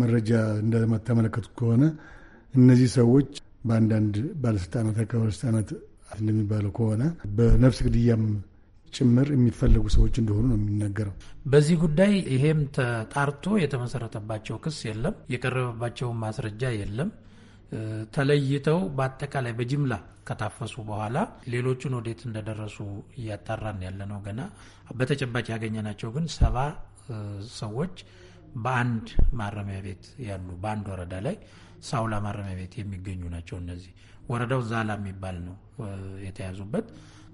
መረጃ እንደተመለከቱ ከሆነ እነዚህ ሰዎች በአንዳንድ ባለስልጣናት፣ ባለስልጣናት እንደሚባለው ከሆነ በነፍስ ግድያም ጭምር የሚፈለጉ ሰዎች እንደሆኑ ነው የሚነገረው። በዚህ ጉዳይ ይሄም ተጣርቶ የተመሰረተባቸው ክስ የለም፣ የቀረበባቸውን ማስረጃ የለም። ተለይተው በአጠቃላይ በጅምላ ከታፈሱ በኋላ ሌሎቹን ወዴት እንደደረሱ እያጣራን ያለ ነው። ገና በተጨባጭ ያገኘናቸው ግን ሰባ ሰዎች በአንድ ማረሚያ ቤት ያሉ በአንድ ወረዳ ላይ ሳውላ ማረሚያ ቤት የሚገኙ ናቸው። እነዚህ ወረዳው ዛላ የሚባል ነው የተያዙበት።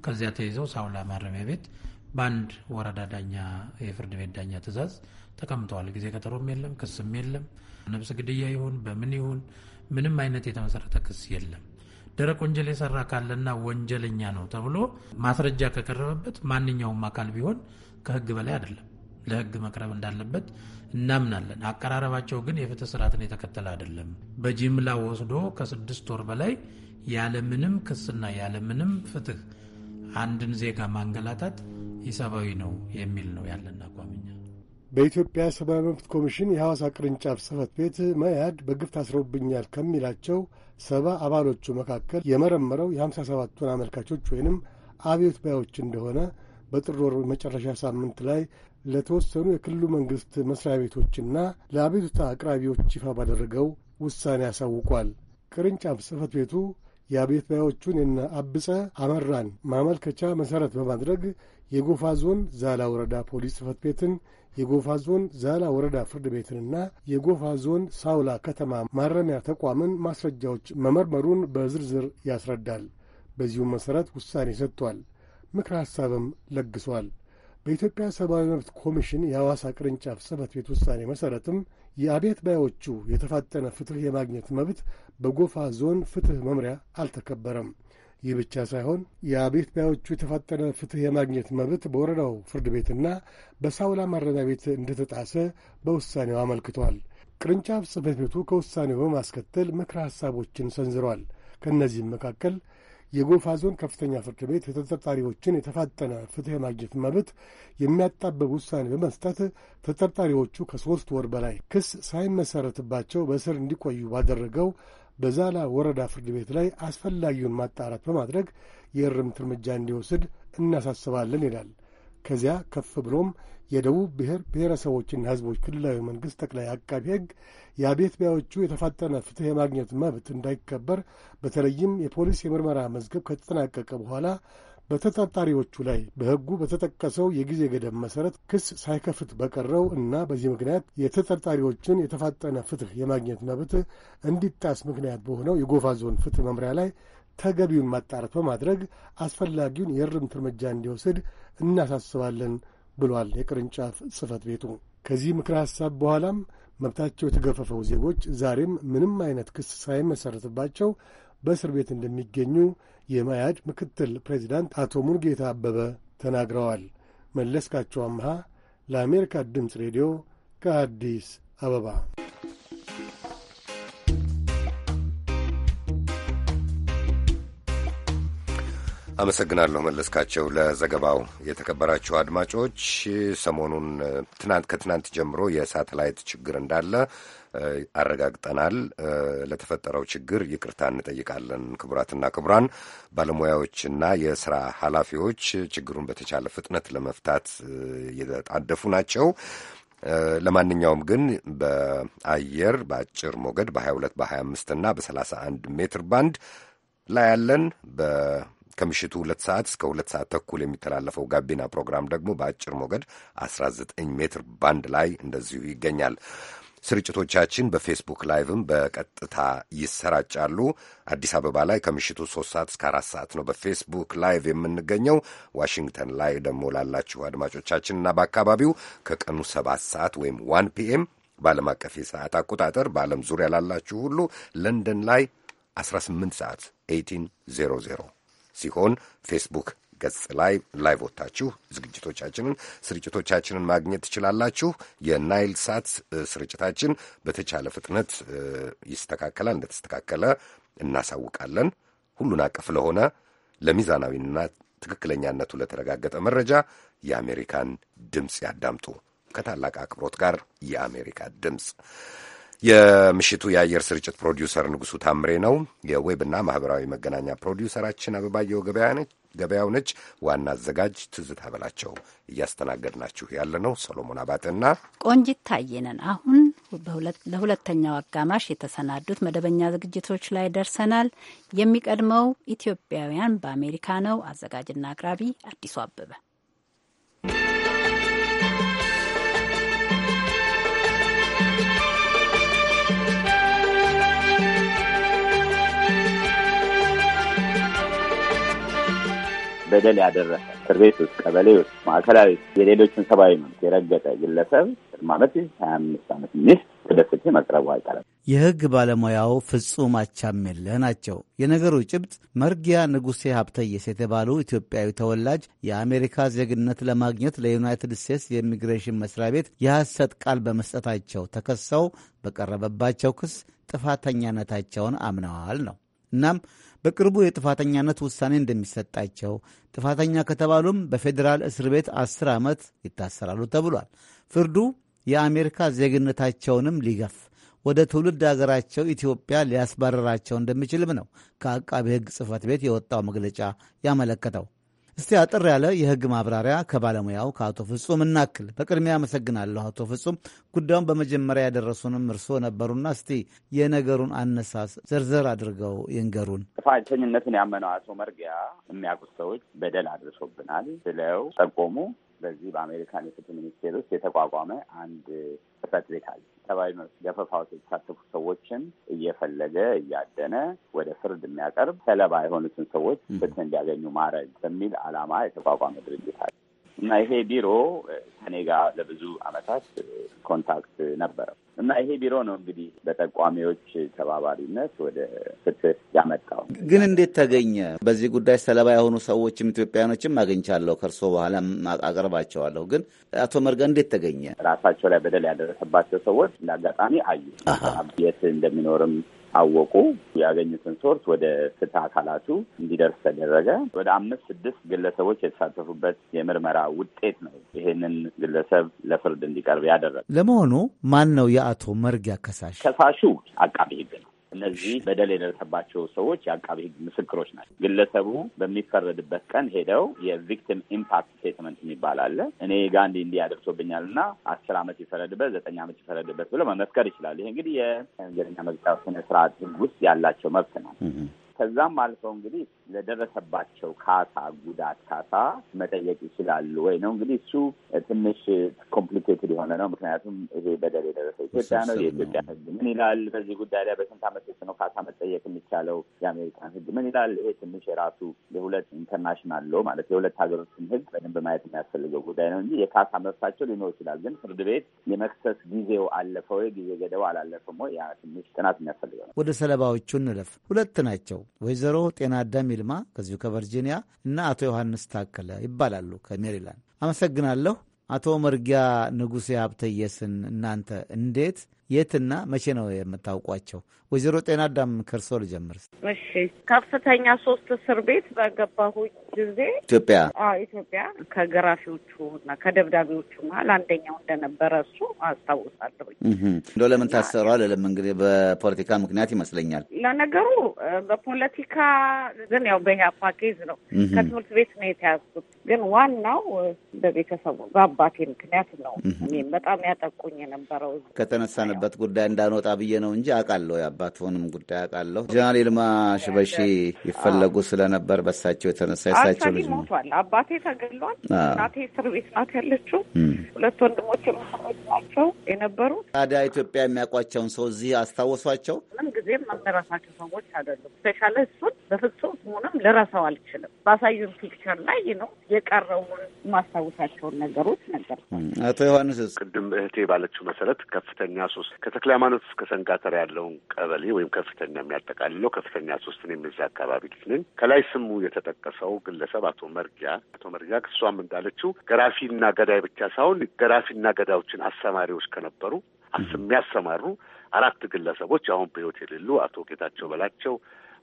ከዚያ ተይዘው ሳውላ ማረሚያ ቤት በአንድ ወረዳ ዳኛ የፍርድ ቤት ዳኛ ትዕዛዝ ተቀምጠዋል። ጊዜ ቀጠሮም የለም፣ ክስም የለም። ነብስ ግድያ ይሁን በምን ይሁን ምንም አይነት የተመሰረተ ክስ የለም። ደረቅ ወንጀል የሰራ ካለና ወንጀለኛ ነው ተብሎ ማስረጃ ከቀረበበት ማንኛውም አካል ቢሆን ከህግ በላይ አይደለም፣ ለህግ መቅረብ እንዳለበት እናምናለን። አቀራረባቸው ግን የፍትህ ስርዓትን የተከተለ አይደለም። በጅምላ ወስዶ ከስድስት ወር በላይ ያለምንም ክስና ያለምንም ፍትህ አንድን ዜጋ ማንገላታት ኢሰብአዊ ነው የሚል ነው ያለን አቋምኛ። በኢትዮጵያ ሰብአዊ መብት ኮሚሽን የሐዋሳ ቅርንጫፍ ጽህፈት ቤት መያድ በግፍ ታስረውብኛል ከሚላቸው ሰባ አባሎቹ መካከል የመረመረው የሃምሳ ሰባቱን አመልካቾች ወይንም አብዮት ባዮች እንደሆነ በጥር ወር መጨረሻ ሳምንት ላይ ለተወሰኑ የክልሉ መንግሥት መስሪያ ቤቶችና ለአቤቱታ አቅራቢዎች ይፋ ባደረገው ውሳኔ አሳውቋል። ቅርንጫፍ ጽህፈት ቤቱ የአቤቱታዎቹን የነ አብጸ አመራን ማመልከቻ መሠረት በማድረግ የጎፋ ዞን ዛላ ወረዳ ፖሊስ ጽፈት ቤትን የጎፋ ዞን ዛላ ወረዳ ፍርድ ቤትንና የጎፋ ዞን ሳውላ ከተማ ማረሚያ ተቋምን ማስረጃዎች መመርመሩን በዝርዝር ያስረዳል። በዚሁም መሠረት ውሳኔ ሰጥቷል። ምክረ ሐሳብም ለግሷል። በኢትዮጵያ ሰብአዊ መብት ኮሚሽን የሐዋሳ ቅርንጫፍ ጽፈት ቤት ውሳኔ መሠረትም የአቤት ባዮቹ የተፋጠነ ፍትሕ የማግኘት መብት በጎፋ ዞን ፍትሕ መምሪያ አልተከበረም። ይህ ብቻ ሳይሆን የአቤት ባዮቹ የተፋጠነ ፍትሕ የማግኘት መብት በወረዳው ፍርድ ቤትና በሳውላ ማረሚያ ቤት እንደተጣሰ በውሳኔው አመልክቷል። ቅርንጫፍ ጽሕፈት ቤቱ ከውሳኔው በማስከተል ምክረ ሐሳቦችን ሰንዝሯል። ከእነዚህም መካከል የጎፋ ዞን ከፍተኛ ፍርድ ቤት የተጠርጣሪዎችን የተፋጠነ ፍትሕ የማግኘት መብት የሚያጣበብ ውሳኔ በመስጠት ተጠርጣሪዎቹ ከሦስት ወር በላይ ክስ ሳይመሰረትባቸው በእስር እንዲቆዩ ባደረገው በዛላ ወረዳ ፍርድ ቤት ላይ አስፈላጊውን ማጣራት በማድረግ የእርምት እርምጃ እንዲወስድ እናሳስባለን ይላል። ከዚያ ከፍ ብሎም የደቡብ ብሔር ብሔረሰቦችና ሕዝቦች ክልላዊ መንግሥት ጠቅላይ አቃቢ ሕግ የአቤት ቢያዎቹ የተፋጠነ ፍትሕ የማግኘት መብት እንዳይከበር በተለይም የፖሊስ የምርመራ መዝገብ ከተጠናቀቀ በኋላ በተጠርጣሪዎቹ ላይ በሕጉ በተጠቀሰው የጊዜ ገደብ መሠረት ክስ ሳይከፍት በቀረው እና በዚህ ምክንያት የተጠርጣሪዎችን የተፋጠነ ፍትሕ የማግኘት መብት እንዲጣስ ምክንያት በሆነው የጎፋ ዞን ፍትሕ መምሪያ ላይ ተገቢውን ማጣራት በማድረግ አስፈላጊውን የእርምት እርምጃ እንዲወስድ እናሳስባለን ብሏል የቅርንጫፍ ጽህፈት ቤቱ። ከዚህ ምክረ ሐሳብ በኋላም መብታቸው የተገፈፈው ዜጎች ዛሬም ምንም አይነት ክስ ሳይመሠረትባቸው በእስር ቤት እንደሚገኙ የማያድ ምክትል ፕሬዚዳንት አቶ ሙንጌታ አበበ ተናግረዋል። መለስካቸው አምሃ ለአሜሪካ ድምፅ ሬዲዮ ከአዲስ አበባ አመሰግናለሁ መለስካቸው ለዘገባው። የተከበራችሁ አድማጮች ሰሞኑን ትናንት ከትናንት ጀምሮ የሳተላይት ችግር እንዳለ አረጋግጠናል። ለተፈጠረው ችግር ይቅርታ እንጠይቃለን። ክቡራትና ክቡራን ባለሙያዎችና የስራ ኃላፊዎች ችግሩን በተቻለ ፍጥነት ለመፍታት የተጣደፉ ናቸው። ለማንኛውም ግን በአየር በአጭር ሞገድ በ22 በ25 እና በ31 ሜትር ባንድ ላይ ያለን በ ከምሽቱ ሁለት ሰዓት እስከ ሁለት ሰዓት ተኩል የሚተላለፈው ጋቢና ፕሮግራም ደግሞ በአጭር ሞገድ 19 ሜትር ባንድ ላይ እንደዚሁ ይገኛል። ስርጭቶቻችን በፌስቡክ ላይቭም በቀጥታ ይሰራጫሉ። አዲስ አበባ ላይ ከምሽቱ ሶስት ሰዓት እስከ አራት ሰዓት ነው በፌስቡክ ላይቭ የምንገኘው። ዋሽንግተን ላይ ደግሞ ላላችሁ አድማጮቻችንና በአካባቢው ከቀኑ ሰባት ሰዓት ወይም ዋን ፒኤም በዓለም አቀፍ የሰዓት አቆጣጠር በዓለም ዙሪያ ላላችሁ ሁሉ ለንደን ላይ 18 ሰዓት 1800 ሲሆን ፌስቡክ ገጽ ላይ ላይቦታችሁ ዝግጅቶቻችንን፣ ስርጭቶቻችንን ማግኘት ትችላላችሁ። የናይል ሳት ስርጭታችን በተቻለ ፍጥነት ይስተካከላል። እንደተስተካከለ እናሳውቃለን። ሁሉን አቀፍ ለሆነ ለሚዛናዊና ትክክለኛነቱ ለተረጋገጠ መረጃ የአሜሪካን ድምፅ ያዳምጡ። ከታላቅ አክብሮት ጋር የአሜሪካ ድምፅ የምሽቱ የአየር ስርጭት ፕሮዲውሰር ንጉሱ ታምሬ ነው። የዌብና ማህበራዊ መገናኛ ፕሮዲውሰራችን አበባየው ገበያው ነች። ዋና አዘጋጅ ትዝታ በላቸው። እያስተናገድናችሁ ያለ ነው ሰሎሞን አባተና ቆንጂት ታየነን። አሁን ለሁለተኛው አጋማሽ የተሰናዱት መደበኛ ዝግጅቶች ላይ ደርሰናል። የሚቀድመው ኢትዮጵያውያን በአሜሪካ ነው። አዘጋጅና አቅራቢ አዲሱ አበበ በደል ያደረሰ እስር ቤት ውስጥ፣ ቀበሌ ውስጥ፣ ማዕከላዊ ውስጥ የሌሎችን ሰብአዊ መብት የረገጠ ግለሰብ ቅድማመት ሀያ አምስት ዓመት ሚስት ወደ ፍትህ መቅረቡ አይቀርም። የህግ ባለሙያው ፍጹም አቻሜለህ ናቸው። የነገሩ ጭብጥ መርጊያ ንጉሴ ሀብተየስ የተባሉ ኢትዮጵያዊ ተወላጅ የአሜሪካ ዜግነት ለማግኘት ለዩናይትድ ስቴትስ የኢሚግሬሽን መስሪያ ቤት የሐሰት ቃል በመስጠታቸው ተከሰው በቀረበባቸው ክስ ጥፋተኛነታቸውን አምነዋል ነው እናም በቅርቡ የጥፋተኛነት ውሳኔ እንደሚሰጣቸው፣ ጥፋተኛ ከተባሉም በፌዴራል እስር ቤት አስር ዓመት ይታሰራሉ ተብሏል። ፍርዱ የአሜሪካ ዜግነታቸውንም ሊገፍ ወደ ትውልድ አገራቸው ኢትዮጵያ ሊያስባረራቸው እንደሚችልም ነው ከአቃቢ ሕግ ጽህፈት ቤት የወጣው መግለጫ ያመለከተው። እስቲ አጠር ያለ የህግ ማብራሪያ ከባለሙያው ከአቶ ፍጹም እናክል። በቅድሚያ አመሰግናለሁ አቶ ፍጹም። ጉዳዩን በመጀመሪያ ያደረሱንም እርስዎ ነበሩና እስቲ የነገሩን አነሳስ ዘርዘር አድርገው ይንገሩን። ጥፋተኝነቱን ያመነው አቶ መርጊያ የሚያውቁት ሰዎች በደል አድርሶብናል ብለው ጠቆሙ። በዚህ በአሜሪካን የፍትህ ሚኒስቴር ውስጥ የተቋቋመ አንድ ጽሕፈት ቤት አለ። ሰብአዊ መብት ገፈፋ ውስጥ የተሳተፉ ሰዎችን እየፈለገ እያደነ ወደ ፍርድ የሚያቀርብ ሰለባ የሆኑትን ሰዎች ፍትህ እንዲያገኙ ማድረግ በሚል ዓላማ የተቋቋመ ድርጅት አለ። እና ይሄ ቢሮ ከኔ ጋር ለብዙ አመታት ኮንታክት ነበረው እና ይሄ ቢሮ ነው እንግዲህ በጠቋሚዎች ተባባሪነት ወደ ፍትህ ያመጣው። ግን እንዴት ተገኘ? በዚህ ጉዳይ ሰለባ የሆኑ ሰዎችም ኢትዮጵያውያኖችም አግኝቻለሁ፣ ከእርስዎ በኋላ አቅርባቸዋለሁ። ግን አቶ መርጋ እንዴት ተገኘ? ራሳቸው ላይ በደል ያደረሰባቸው ሰዎች እንደ አጋጣሚ አዩ፣ የት እንደሚኖርም ታወቁ ያገኙትን ሶርስ ወደ ፍትህ አካላቱ እንዲደርስ ተደረገ። ወደ አምስት ስድስት ግለሰቦች የተሳተፉበት የምርመራ ውጤት ነው ይሄንን ግለሰብ ለፍርድ እንዲቀርብ ያደረገ። ለመሆኑ ማን ነው የአቶ መርጊያ ከሳሽ? ከሳሹ አቃቢ ህግ ነው። እነዚህ በደል የደረሰባቸው ሰዎች የአቃቢ ህግ ምስክሮች ናቸው። ግለሰቡ በሚፈረድበት ቀን ሄደው የቪክቲም ኢምፓክት ስቴትመንት የሚባል አለ። እኔ ጋንዲ እንዲህ ያደርሶብኛል እና አስር ዓመት ይፈረድበት፣ ዘጠኝ አመት ይፈረድበት ብሎ መመስከር ይችላል። ይሄ እንግዲህ የወንጀለኛ መቅጫ ስነ ስርዓት ውስጥ ያላቸው መብት ነው። ከዛም አልፈው እንግዲህ ለደረሰባቸው ካሳ ጉዳት ካሳ መጠየቅ ይችላሉ ወይ ነው እንግዲህ እሱ ትንሽ ኮምፕሊኬትድ የሆነ ነው። ምክንያቱም ይሄ በደል የደረሰ ኢትዮጵያ ነው። የኢትዮጵያ ሕግ ምን ይላል በዚህ ጉዳይ ላይ በስንት ዓመት ውስጥ ነው ካሳ መጠየቅ የሚቻለው? የአሜሪካን ሕግ ምን ይላል? ይሄ ትንሽ የራሱ የሁለት ኢንተርናሽናል ሎ ማለት የሁለት ሀገሮችን ሕግ በደንብ ማየት የሚያስፈልገው ጉዳይ ነው እንጂ የካሳ መብታቸው ሊኖር ይችላል። ግን ፍርድ ቤት የመክሰስ ጊዜው አለፈው ወይ ጊዜ ገደቡ አላለፈም ወይ ያ ትንሽ ጥናት የሚያስፈልገው ነው። ወደ ሰለባዎቹ እንለፍ። ሁለት ናቸው ወይዘሮ ጤና አዳም ይልማ ከዚሁ ከቨርጂኒያ እና አቶ ዮሐንስ ታከለ ይባላሉ ከሜሪላንድ። አመሰግናለሁ። አቶ መርጊያ ንጉሴ ሀብተየስን እናንተ እንዴት የትና መቼ ነው የምታውቋቸው? ወይዘሮ ጤና አዳም ከርሶ ልጀምር። እሺ ከፍተኛ ሶስት እስር ቤት በገባሁት ጊዜ ኢትዮጵያ ኢትዮጵያ ከገራፊዎቹ እና ከደብዳቤዎቹ መሀል አንደኛው እንደነበረ እሱ አስታውሳለሁኝ። እንደው ለምን ታሰሩ አለለም እንግዲህ በፖለቲካ ምክንያት ይመስለኛል። ለነገሩ በፖለቲካ ግን ያው በኢህአፓ ኬዝ ነው። ከትምህርት ቤት ነው የተያዝኩት። ግን ዋናው በቤተሰቡ በአባቴ ምክንያት ነው። እኔም በጣም ያጠቁኝ የነበረው ከተነሳንበት ጉዳይ እንዳንወጣ ብዬ ነው እንጂ አውቃለሁ ያባትሆንም ጉዳይ አውቃለሁ። ጀነራል ይልማ ሽበሺ ይፈለጉ ስለነበር በሳቸው የተነሳ የሳቸው ልጅ ሞቷል። አባቴ ተገሏል። እናቴ እስር ቤት ናት ያለችው። ሁለት ወንድሞች ናቸው የነበሩት። ታዲያ ኢትዮጵያ የሚያውቋቸውን ሰው እዚህ አስታወሷቸው። ጊዜም የምረሳቸው ሰዎች አይደሉም። ስፔሻል እሱን በፍጹም ስሙንም ልረሳው አልችልም። ባሳዩን ፒክቸር ላይ ነው የቀረውን ማስታወሳቸውን ነገሮች ነገር አቶ ዮሐንስ ቅድም እህቴ ባለችው መሰረት ከፍተኛ ሶስት ከተክለ ሃይማኖት እስከ ሰንጋተር ያለውን ቀበሌ ወይም ከፍተኛ የሚያጠቃልለው ከፍተኛ ሶስትን የሚዛ አካባቢ ልጅ ነኝ። ከላይ ስሙ የተጠቀሰው ግለሰብ አቶ መርጊያ አቶ መርጊያ እሷም እንዳለችው ገራፊና ገዳይ ብቻ ሳይሆን ገራፊና ገዳዮችን አሰማሪዎች ከነበሩ የሚያሰማሩ አራት ግለሰቦች አሁን በህይወት የሌሉ አቶ ጌታቸው በላቸው፣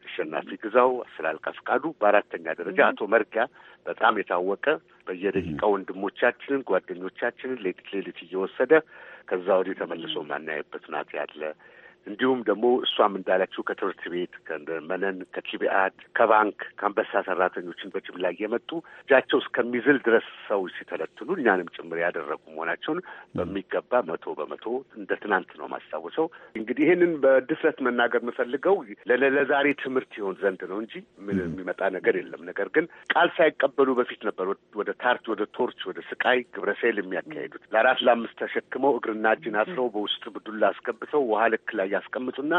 አሸናፊ ግዛው፣ ስላልካ ፍቃዱ፣ በአራተኛ ደረጃ አቶ መርጊያ በጣም የታወቀ በየደቂቃ ወንድሞቻችንን ጓደኞቻችንን ሌሊት ሌሊት እየወሰደ ከዛ ወዲህ ተመልሶ ማናየበት ናት ያለ እንዲሁም ደግሞ እሷም እንዳለችው ከትምህርት ቤት መነን፣ ከቲቢአድ፣ ከባንክ ከአንበሳ ሰራተኞችን በጅምላ እየመጡ እጃቸው እስከሚዝል ድረስ ሰው ሲተለትሉ እኛንም ጭምር ያደረጉ መሆናቸውን በሚገባ መቶ በመቶ እንደ ትናንት ነው ማስታወሰው። እንግዲህ ይህንን በድፍረት መናገር የምፈልገው ለዛሬ ትምህርት ይሆን ዘንድ ነው እንጂ ምን የሚመጣ ነገር የለም። ነገር ግን ቃል ሳይቀበሉ በፊት ነበር ወደ ታርች፣ ወደ ቶርች፣ ወደ ስቃይ ግብረሰይል የሚያካሄዱት ለአራት ለአምስት ተሸክመው እግርና እጅን አስረው በውስጥ ብዱላ አስገብተው ውሃ ልክ ላይ ያስቀምጡና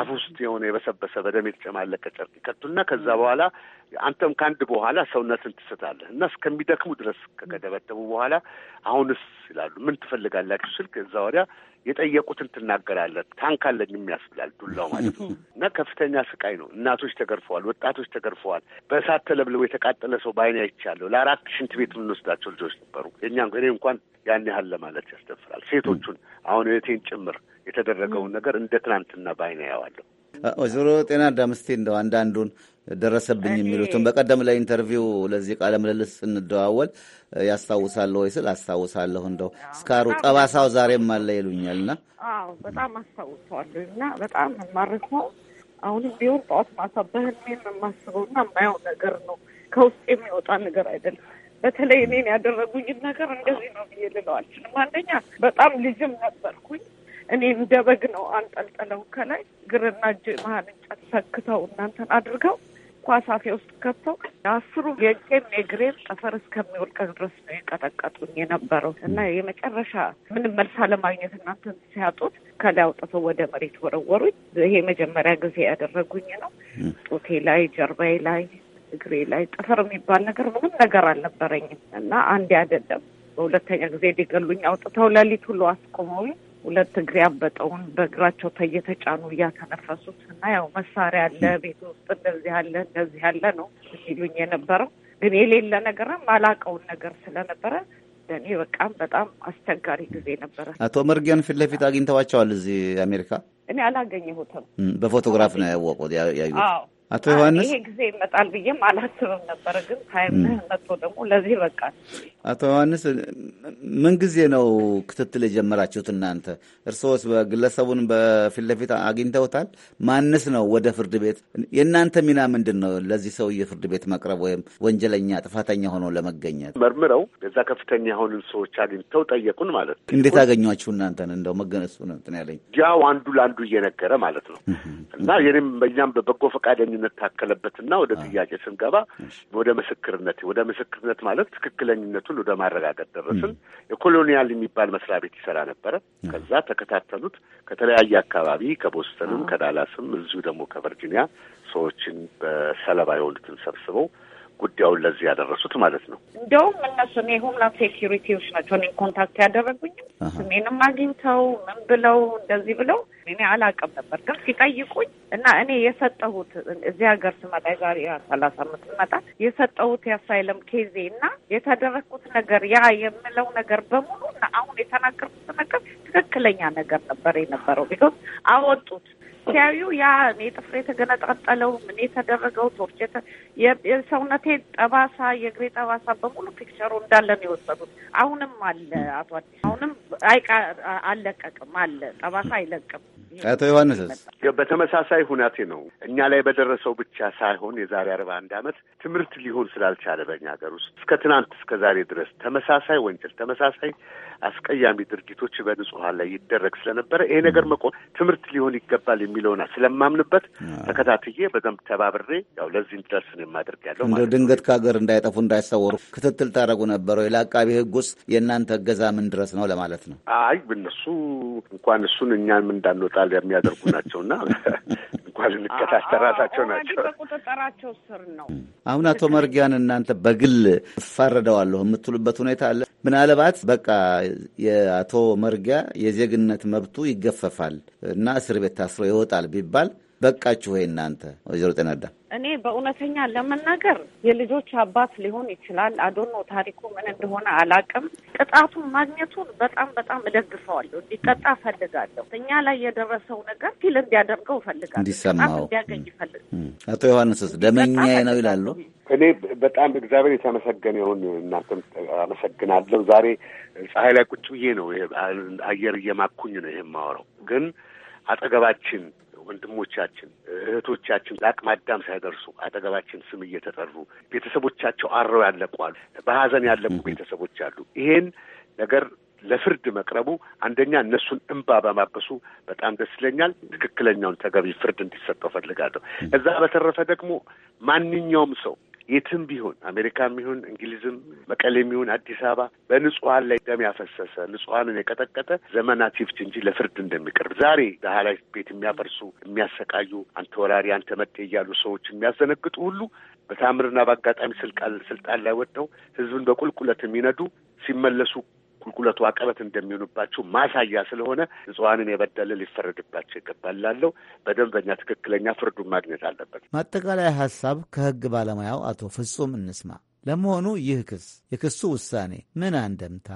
አፍ ውስጥ የሆነ የበሰበሰ በደም የተጨማለቀ ጨርቅ ይከቱና ከዛ በኋላ አንተም ከአንድ በኋላ ሰውነትን ትስታለህ እና እስከሚደክሙ ድረስ ከገደበደቡ በኋላ አሁንስ ይላሉ። ምን ትፈልጋላችሁ ስልክ እዛ ወዲያ የጠየቁትን ትናገራለህ። ታንካለኝ የሚያስብላል ዱላው ማለት ነው። እና ከፍተኛ ስቃይ ነው። እናቶች ተገርፈዋል፣ ወጣቶች ተገርፈዋል። በእሳት ተለብልበው የተቃጠለ ሰው በአይን አይቻለሁ። ለአራት ሽንት ቤት የምንወስዳቸው ልጆች ነበሩ። የእኛ እኔ እንኳን ያን ያህል ለማለት ያስደፍራል። ሴቶቹን አሁን እህቴን ጭምር የተደረገውን ነገር እንደ ትናንትና ባይነ ያዋለሁ። ወይዘሮ ጤና አዳም እንደው አንዳንዱን ደረሰብኝ የሚሉትን በቀደም ላይ ኢንተርቪው ለዚህ ቃለ ምልልስ ስንደዋወል ያስታውሳለሁ ወይ ስል አስታውሳለሁ እንደው እስካሩ ጠባሳው ዛሬም አለ ይሉኛል እና በጣም አስታውሰዋለሁ እና በጣም የማረሰው አሁንም ቢሆን ጠዋት ማታ በህልሜም የማስበው እና የማየው ነገር ነው። ከውስጥ የሚወጣ ነገር አይደለም። በተለይ እኔን ያደረጉኝን ነገር እንደዚህ ነው ብዬ ልለው አንደኛ በጣም ልጅም ነበርኩኝ እኔ እንደ በግ ነው አንጠልጥለው ከላይ ግርና እጅ መሀል እንጨት ሰክተው እናንተን አድርገው ኳሳፌ ውስጥ ከተው አስሩ የእጄም የግሬም ጠፈር እስከሚወልቅ ድረስ ነው የቀጠቀጡኝ የነበረው እና የመጨረሻ ምንም መልስ አለማግኘት እናንተን ሲያጡት ከላይ አውጥተው ወደ መሬት ወረወሩኝ። ይሄ መጀመሪያ ጊዜ ያደረጉኝ ነው። ጡቴ ላይ፣ ጀርባዬ ላይ፣ እግሬ ላይ ጠፈር የሚባል ነገር ምንም ነገር አልነበረኝም እና አንዴ አይደለም በሁለተኛ ጊዜ ሊገሉኝ አውጥተው ሌሊት ሁሉ አስቆመውኝ ሁለት እግር ያበጠውን በእግራቸው እየተጫኑ እያተነፈሱት እና ያው መሳሪያ አለ ቤት ውስጥ እንደዚህ ያለ እንደዚህ ያለ ነው ሲሉኝ የነበረው ግን የሌለ ነገርም አላቀውን ነገር ስለነበረ ለእኔ በቃም በጣም አስቸጋሪ ጊዜ ነበረ። አቶ መርጊያን ፊት ለፊት አግኝተዋቸዋል እዚህ አሜሪካ? እኔ አላገኘሁትም። በፎቶግራፍ ነው ያወቁት ያዩት። አቶ ዮሐንስ ይሄ ጊዜ ይመጣል ብዬም አላስብም ነበረ፣ ግን ታይም መጥቶ ደግሞ ለዚህ በቃል። አቶ ዮሐንስ ምን ጊዜ ነው ክትትል የጀመራችሁት እናንተ? እርስዎስ ግለሰቡን በፊት ለፊት አግኝተውታል? ማንስ ነው ወደ ፍርድ ቤት? የእናንተ ሚና ምንድን ነው? ለዚህ ሰውዬ ፍርድ ቤት መቅረብ ወይም ወንጀለኛ ጥፋተኛ ሆኖ ለመገኘት መርምረው እዛ ከፍተኛ የሆንን ሰዎች አግኝተው ጠየቁን ማለት ነው። እንዴት አገኟችሁ እናንተን? እንደው መገነሱ ነው እንትን ያለኝ ያው አንዱ ለአንዱ እየነገረ ማለት ነው እና የኔም በእኛም በበጎ ፈቃደኛ ታማኝነት ታከለበትና ወደ ጥያቄ ስንገባ ወደ ምስክርነት ወደ ምስክርነት ማለት ትክክለኝነቱን ወደ ማረጋገጥ ደረስን። የኮሎኒያል የሚባል መስሪያ ቤት ይሰራ ነበረ። ከዛ ተከታተሉት። ከተለያየ አካባቢ ከቦስተንም፣ ከዳላስም እዚሁ ደግሞ ከቨርጂኒያ ሰዎችን በሰለባ የሆኑትን ሰብስበው ጉዳዩን ለዚህ ያደረሱት ማለት ነው። እንደውም እነሱ እኔ ሆምላንድ ሴኪሪቲዎች ናቸው እኔን ኮንታክት ያደረጉኝም ስሜንም አግኝተው ምን ብለው እንደዚህ ብለው እኔ አላውቅም ነበር፣ ግን ሲጠይቁኝ እና እኔ የሰጠሁት እዚህ ሀገር ስመጣ የዛሬ ሰላሳ አምስት ስመጣ የሰጠሁት የአሳይለም ኬዜ እና የተደረግኩት ነገር ያ የምለው ነገር በሙሉ እና አሁን የተናገርኩት ነገር ትክክለኛ ነገር ነበር የነበረው ቢሆን አወጡት ሲያዩ ያ እኔ ጥፍሬ የተገነጣጠለው ምን የተደረገው ቶርቼ የሰውነቴ ጠባሳ የእግሬ ጠባሳ በሙሉ ፒክቸሩ እንዳለ ነው የወሰዱት። አሁንም አለ አቶ አዲስ አሁንም አይቃ አለቀቅም አለ ጠባሳ አይለቅም። አቶ ዮሐንስ በተመሳሳይ ሁናቴ ነው እኛ ላይ በደረሰው ብቻ ሳይሆን የዛሬ አርባ አንድ አመት ትምህርት ሊሆን ስላልቻለ በእኛ ሀገር ውስጥ እስከ ትናንት እስከ ዛሬ ድረስ ተመሳሳይ ወንጀል፣ ተመሳሳይ አስቀያሚ ድርጊቶች በንጹሀን ላይ ይደረግ ስለነበረ ይሄ ነገር መቆ ትምህርት ሊሆን ይገባል የሚለውና ስለማምንበት ተከታትዬ በደንብ ተባብሬ ያው ለዚህ እንዲደርስ ነው የማደርግ ያለው። እንደው ድንገት ከሀገር እንዳይጠፉ እንዳይሰወሩ ክትትል ታደረጉ ነበረ ለአቃቢ ህግ ውስጥ የእናንተ እገዛ ምን ድረስ ነው ለማለት ነው። አይ እነሱ እንኳን እሱን እኛም እንዳንወጣ ቃል የሚያደርጉ ናቸው እና እንኳን ልንከታተል ራሳቸው ናቸው በቁጥጥራቸው ስር ነው። አሁን አቶ መርጊያን እናንተ በግል እፋረደዋለሁ የምትሉበት ሁኔታ አለ? ምናልባት በቃ የአቶ መርጊያ የዜግነት መብቱ ይገፈፋል እና እስር ቤት ታስሮ ይወጣል ቢባል በቃችሁ ወይ እናንተ? ወይዘሮ ጤናዳ እኔ በእውነተኛ ለመናገር የልጆች አባት ሊሆን ይችላል። አዶኖ ታሪኩ ምን እንደሆነ አላቅም። ቅጣቱን ማግኘቱን በጣም በጣም እደግፈዋለሁ። እንዲቀጣ እፈልጋለሁ። እኛ ላይ የደረሰው ነገር ፊል እንዲያደርገው እፈልጋለሁ። እንዲሰማው እንዲያገኝ ይፈልግ። አቶ ዮሐንስስ ደመኛዬ ነው ይላሉ። እኔ በጣም እግዚአብሔር የተመሰገነ ይሁን። እናንተም አመሰግናለሁ። ዛሬ ፀሐይ ላይ ቁጭ ብዬ ነው አየር እየማኩኝ ነው ይሄ የማወራው ግን አጠገባችን ወንድሞቻችን እህቶቻችን ለአቅመ አዳም ሳይደርሱ አጠገባችን ስም እየተጠሩ ቤተሰቦቻቸው አረው ያለቋሉ፣ በሀዘን ያለቁ ቤተሰቦች አሉ። ይሄን ነገር ለፍርድ መቅረቡ አንደኛ እነሱን እንባ በማበሱ በጣም ደስ ይለኛል። ትክክለኛውን ተገቢ ፍርድ እንዲሰጠው ፈልጋለሁ። እዛ በተረፈ ደግሞ ማንኛውም ሰው የትም ቢሆን አሜሪካም ይሁን እንግሊዝም፣ መቀሌም ይሁን አዲስ አበባ በንጹሀን ላይ ደም ያፈሰሰ ንጹሀንን የቀጠቀጠ ዘመናት ይፍጅ እንጂ ለፍርድ እንደሚቀርብ ዛሬ ድሀ ላይ ቤት የሚያፈርሱ የሚያሰቃዩ፣ አንተ ወራሪ አንተ መጤ እያሉ ሰዎች የሚያዘነግጡ ሁሉ በታምርና በአጋጣሚ ስልጣን ላይ ወጥተው ህዝብን በቁልቁለት የሚነዱ ሲመለሱ ቁልቁለቱ አቀበት እንደሚሆኑባቸው ማሳያ ስለሆነ ንጹሐንን የበደለ ሊፈረድባቸው ይገባል ላለው በደንበኛ ትክክለኛ ፍርዱን ማግኘት አለበት። ማጠቃለያ ሀሳብ ከህግ ባለሙያው አቶ ፍጹም እንስማ። ለመሆኑ ይህ ክስ የክሱ ውሳኔ ምን አንደምታ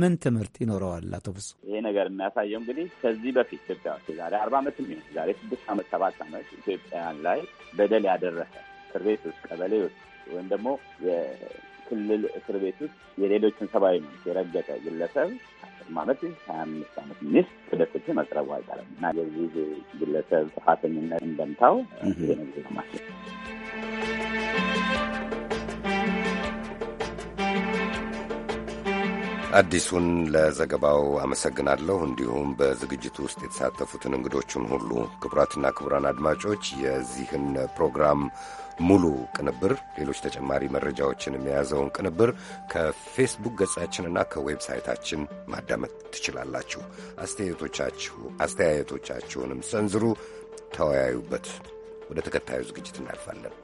ምን ትምህርት ይኖረዋል? አቶ ብሱ ይሄ ነገር የሚያሳየው እንግዲህ ከዚህ በፊት ኢትዮጵያ ውስጥ ዛሬ አርባ ዓመት የሚሆን ዛሬ ስድስት ዓመት ሰባት ዓመት ኢትዮጵያውያን ላይ በደል ያደረሰ እስር ቤት ውስጥ፣ ቀበሌ ውስጥ ወይም ደግሞ ክልል እስር ቤት ውስጥ የሌሎችን ሰብአዊ መብት የረገጠ ግለሰብ አስር ዓመት ሀያ አምስት ዓመት ሚስ ክደት መቅረቡ አይቀርም እና የዚህ ግለሰብ ጥፋተኝነት እንደምታው ነው ማስለ አዲሱን ለዘገባው አመሰግናለሁ። እንዲሁም በዝግጅቱ ውስጥ የተሳተፉትን እንግዶችን ሁሉ። ክቡራትና ክቡራን አድማጮች የዚህን ፕሮግራም ሙሉ ቅንብር፣ ሌሎች ተጨማሪ መረጃዎችን የያዘውን ቅንብር ከፌስቡክ ገጻችንና ከዌብሳይታችን ማዳመጥ ትችላላችሁ። አስተያየቶቻችሁንም ሰንዝሩ፣ ተወያዩበት። ወደ ተከታዩ ዝግጅት እናልፋለን።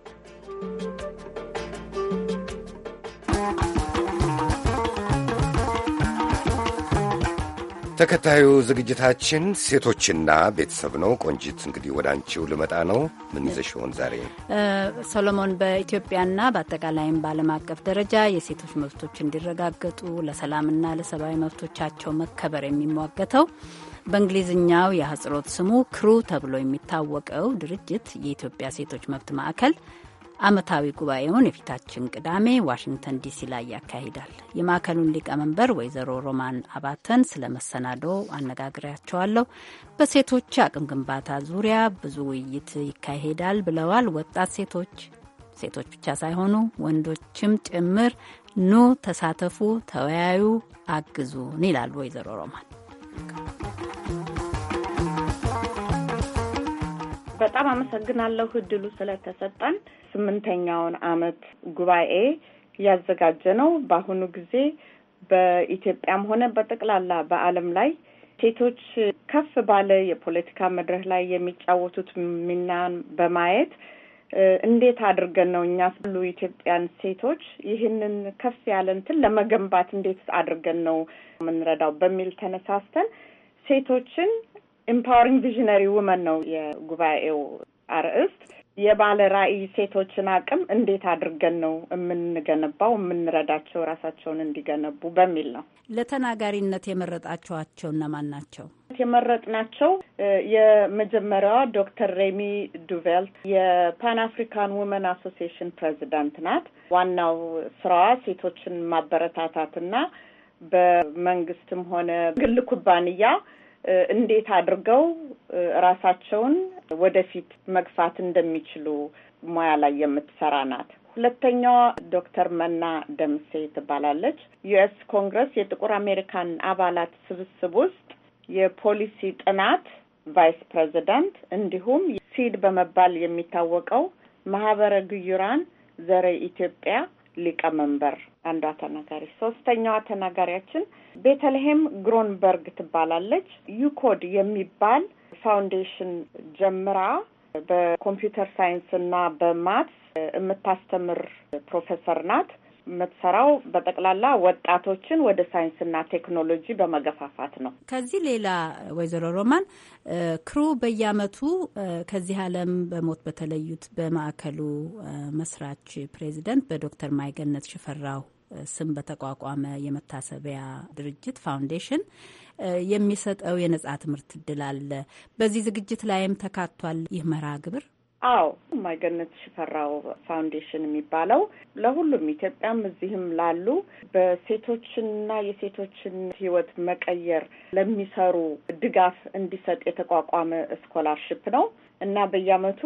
ተከታዩ ዝግጅታችን ሴቶችና ቤተሰብ ነው። ቆንጂት፣ እንግዲህ ወደ አንቺው ልመጣ ነው። ምን ይዘሽ ይሆን ዛሬ? ሰሎሞን፣ በኢትዮጵያና በአጠቃላይም በዓለም አቀፍ ደረጃ የሴቶች መብቶች እንዲረጋገጡ ለሰላምና ለሰብአዊ መብቶቻቸው መከበር የሚሟገተው በእንግሊዝኛው የአጽሮት ስሙ ክሩ ተብሎ የሚታወቀው ድርጅት የኢትዮጵያ ሴቶች መብት ማዕከል ዓመታዊ ጉባኤውን የፊታችን ቅዳሜ ዋሽንግተን ዲሲ ላይ ያካሂዳል። የማዕከሉን ሊቀመንበር ወይዘሮ ሮማን አባተን ስለ መሰናዶ አነጋግሬያቸዋለሁ። በሴቶች አቅም ግንባታ ዙሪያ ብዙ ውይይት ይካሄዳል ብለዋል። ወጣት ሴቶች ሴቶች ብቻ ሳይሆኑ ወንዶችም ጭምር ኑ ተሳተፉ፣ ተወያዩ፣ አግዙን ይላሉ ወይዘሮ ሮማን። በጣም አመሰግናለሁ እድሉ ስለተሰጠን። ስምንተኛውን አመት ጉባኤ እያዘጋጀ ነው። በአሁኑ ጊዜ በኢትዮጵያም ሆነ በጠቅላላ በዓለም ላይ ሴቶች ከፍ ባለ የፖለቲካ መድረክ ላይ የሚጫወቱት ሚናን በማየት እንዴት አድርገን ነው እኛ ሁሉ ኢትዮጵያን ሴቶች ይህንን ከፍ ያለ እንትን ለመገንባት እንዴት አድርገን ነው የምንረዳው በሚል ተነሳስተን ሴቶችን ኢምፓወሪንግ ቪዥነሪ ውመን ነው የጉባኤው አርዕስት። የባለ ራዕይ ሴቶችን አቅም እንዴት አድርገን ነው የምንገነባው የምንረዳቸው ራሳቸውን እንዲገነቡ በሚል ነው። ለተናጋሪነት የመረጣችኋቸው እነማን ናቸው? ናቸው። የመጀመሪያዋ ዶክተር ሬሚ ዱቬል የፓን አፍሪካን ውመን አሶሲሽን ፕሬዚዳንት ናት። ዋናው ስራዋ ሴቶችን ማበረታታትና በመንግስትም ሆነ ግል ኩባንያ እንዴት አድርገው ራሳቸውን ወደፊት መግፋት እንደሚችሉ ሙያ ላይ የምትሰራ ናት። ሁለተኛዋ ዶክተር መና ደምሴ ትባላለች። ዩኤስ ኮንግረስ የጥቁር አሜሪካን አባላት ስብስብ ውስጥ የፖሊሲ ጥናት ቫይስ ፕሬዚዳንት እንዲሁም ሲድ በመባል የሚታወቀው ማህበረ ግዩራን ዘረ ኢትዮጵያ ሊቀመንበር አንዷ ተናጋሪ። ሶስተኛዋ ተናጋሪያችን ቤተልሔም ግሮንበርግ ትባላለች። ዩኮድ የሚባል ፋውንዴሽን ጀምራ በኮምፒውተር ሳይንስ እና በማትስ የምታስተምር ፕሮፌሰር ናት። የምትሰራው በጠቅላላ ወጣቶችን ወደ ሳይንስና ቴክኖሎጂ በመገፋፋት ነው። ከዚህ ሌላ ወይዘሮ ሮማን ክሩ በየአመቱ ከዚህ ዓለም በሞት በተለዩት በማዕከሉ መስራች ፕሬዚደንት በዶክተር ማይገነት ሽፈራው ስም በተቋቋመ የመታሰቢያ ድርጅት ፋውንዴሽን የሚሰጠው የነጻ ትምህርት እድል አለ። በዚህ ዝግጅት ላይም ተካቷል ይህ መርሃ ግብር። አዎ ማይገነት ሽፈራው ፋውንዴሽን የሚባለው ለሁሉም ኢትዮጵያም እዚህም ላሉ በሴቶችና የሴቶችን ህይወት መቀየር ለሚሰሩ ድጋፍ እንዲሰጥ የተቋቋመ ስኮላርሽፕ ነው እና በየአመቱ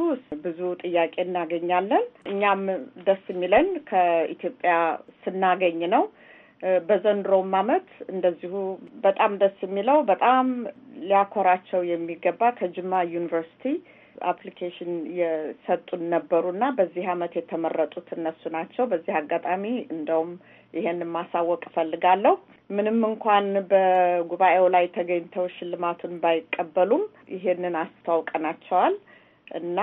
ብዙ ጥያቄ እናገኛለን። እኛም ደስ የሚለን ከኢትዮጵያ ስናገኝ ነው። በዘንድሮም አመት እንደዚሁ በጣም ደስ የሚለው በጣም ሊያኮራቸው የሚገባ ከጅማ ዩኒቨርሲቲ አፕሊኬሽን የሰጡን ነበሩና በዚህ አመት የተመረጡት እነሱ ናቸው። በዚህ አጋጣሚ እንደውም ይሄን ማሳወቅ እፈልጋለሁ። ምንም እንኳን በጉባኤው ላይ ተገኝተው ሽልማቱን ባይቀበሉም ይሄንን አስተዋውቀናቸዋል እና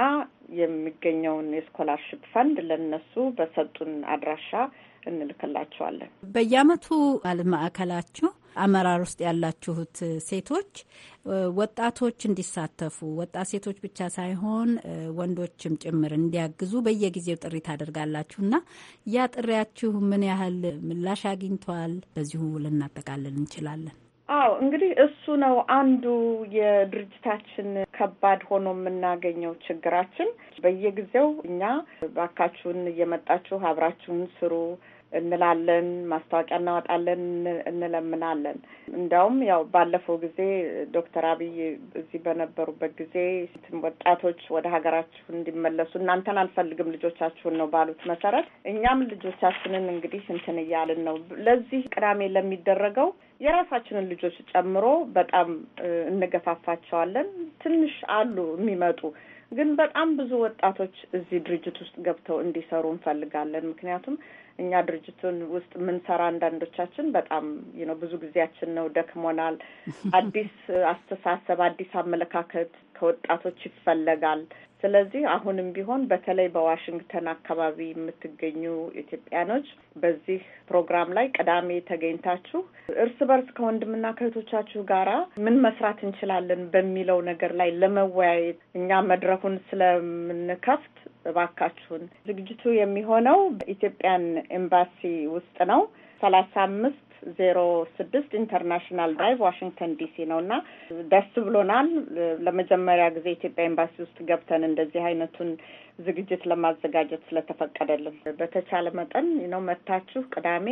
የሚገኘውን የስኮላርሽፕ ፈንድ ለነሱ በሰጡን አድራሻ እንልክላቸዋለን። በየአመቱ ማዕከላችሁ አመራር ውስጥ ያላችሁት ሴቶች ወጣቶች እንዲሳተፉ ወጣት ሴቶች ብቻ ሳይሆን ወንዶችም ጭምር እንዲያግዙ በየጊዜው ጥሪ ታደርጋላችሁ እና ያ ጥሪያችሁ ምን ያህል ምላሽ አግኝቷል? በዚሁ ልናጠቃልል እንችላለን። አዎ እንግዲህ እሱ ነው አንዱ የድርጅታችን ከባድ ሆኖ የምናገኘው ችግራችን። በየጊዜው እኛ ባካችሁን እየመጣችሁ አብራችሁን ስሩ እንላለን፣ ማስታወቂያ እናወጣለን፣ እንለምናለን። እንዲያውም ያው ባለፈው ጊዜ ዶክተር አብይ እዚህ በነበሩበት ጊዜ ወጣቶች ወደ ሀገራችሁ እንዲመለሱ እናንተን አልፈልግም ልጆቻችሁን ነው ባሉት መሰረት እኛም ልጆቻችንን እንግዲህ እንትን እያልን ነው ለዚህ ቅዳሜ ለሚደረገው የራሳችንን ልጆች ጨምሮ በጣም እንገፋፋቸዋለን። ትንሽ አሉ የሚመጡ ግን በጣም ብዙ ወጣቶች እዚህ ድርጅት ውስጥ ገብተው እንዲሰሩ እንፈልጋለን። ምክንያቱም እኛ ድርጅቱን ውስጥ የምንሰራ አንዳንዶቻችን በጣም ነው ብዙ ጊዜያችን ነው፣ ደክሞናል። አዲስ አስተሳሰብ፣ አዲስ አመለካከት ከወጣቶች ይፈለጋል። ስለዚህ አሁንም ቢሆን በተለይ በዋሽንግተን አካባቢ የምትገኙ ኢትዮጵያኖች በዚህ ፕሮግራም ላይ ቅዳሜ ተገኝታችሁ እርስ በርስ ከወንድምና ከእህቶቻችሁ ጋራ ምን መስራት እንችላለን በሚለው ነገር ላይ ለመወያየት እኛ መድረኩን ስለምንከፍት እባካችሁን። ዝግጅቱ የሚሆነው በኢትዮጵያን ኤምባሲ ውስጥ ነው። ሰላሳ አምስት ዜሮ ስድስት ኢንተርናሽናል ድራይቭ ዋሽንግተን ዲሲ ነው እና ደስ ብሎናል። ለመጀመሪያ ጊዜ ኢትዮጵያ ኤምባሲ ውስጥ ገብተን እንደዚህ አይነቱን ዝግጅት ለማዘጋጀት ስለተፈቀደልን በተቻለ መጠን ነው መታችሁ ቅዳሜ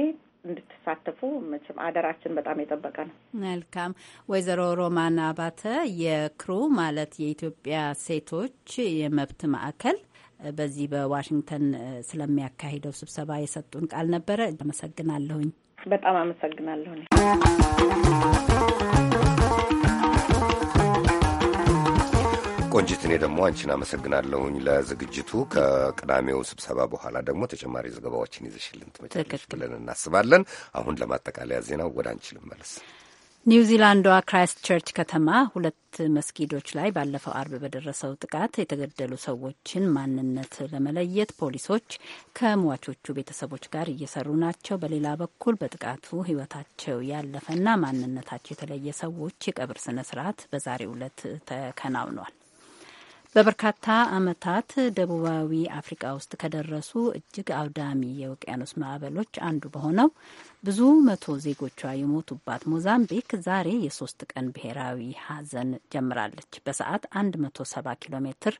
እንድትሳተፉ መቼም አደራችን በጣም የጠበቀ ነው። መልካም ወይዘሮ ሮማና አባተ የክሩ ማለት የኢትዮጵያ ሴቶች የመብት ማዕከል በዚህ በዋሽንግተን ስለሚያካሂደው ስብሰባ የሰጡን ቃል ነበረ። አመሰግናለሁኝ። በጣም አመሰግናለሁ። ቆንጂት፣ እኔ ደግሞ አንቺን አመሰግናለሁኝ ለዝግጅቱ። ከቅዳሜው ስብሰባ በኋላ ደግሞ ተጨማሪ ዘገባዎችን ይዘሽልን ትመጫለሽ ብለን እናስባለን። አሁን ለማጠቃለያ ዜናው ወደ አንቺ ልመለስ። ኒውዚላንዷ ክራይስት ቸርች ከተማ ሁለት መስጊዶች ላይ ባለፈው አርብ በደረሰው ጥቃት የተገደሉ ሰዎችን ማንነት ለመለየት ፖሊሶች ከሟቾቹ ቤተሰቦች ጋር እየሰሩ ናቸው። በሌላ በኩል በጥቃቱ ሕይወታቸው ያለፈና ማንነታቸው የተለየ ሰዎች የቀብር ስነ ስርዓት በዛሬው ዕለት ተከናውኗል። በበርካታ ዓመታት ደቡባዊ አፍሪካ ውስጥ ከደረሱ እጅግ አውዳሚ የውቅያኖስ ማዕበሎች አንዱ በሆነው ብዙ መቶ ዜጎቿ የሞቱባት ሞዛምቢክ ዛሬ የሶስት ቀን ብሔራዊ ሐዘን ጀምራለች። በሰዓት 170 ኪሎ ሜትር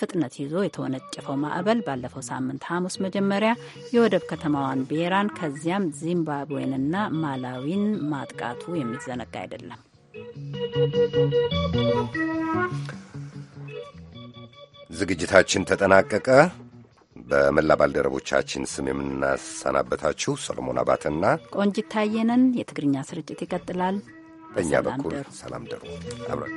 ፍጥነት ይዞ የተወነጨፈው ማዕበል ባለፈው ሳምንት ሐሙስ መጀመሪያ የወደብ ከተማዋን ብሔራን ከዚያም ዚምባብዌንና ማላዊን ማጥቃቱ የሚዘነጋ አይደለም። ዝግጅታችን ተጠናቀቀ። በመላ ባልደረቦቻችን ስም የምናሰናበታችሁ ሰሎሞን አባተና ቆንጂት ታየነን። የትግርኛ ስርጭት ይቀጥላል። በእኛ በኩል ሰላም ደሩ አብረ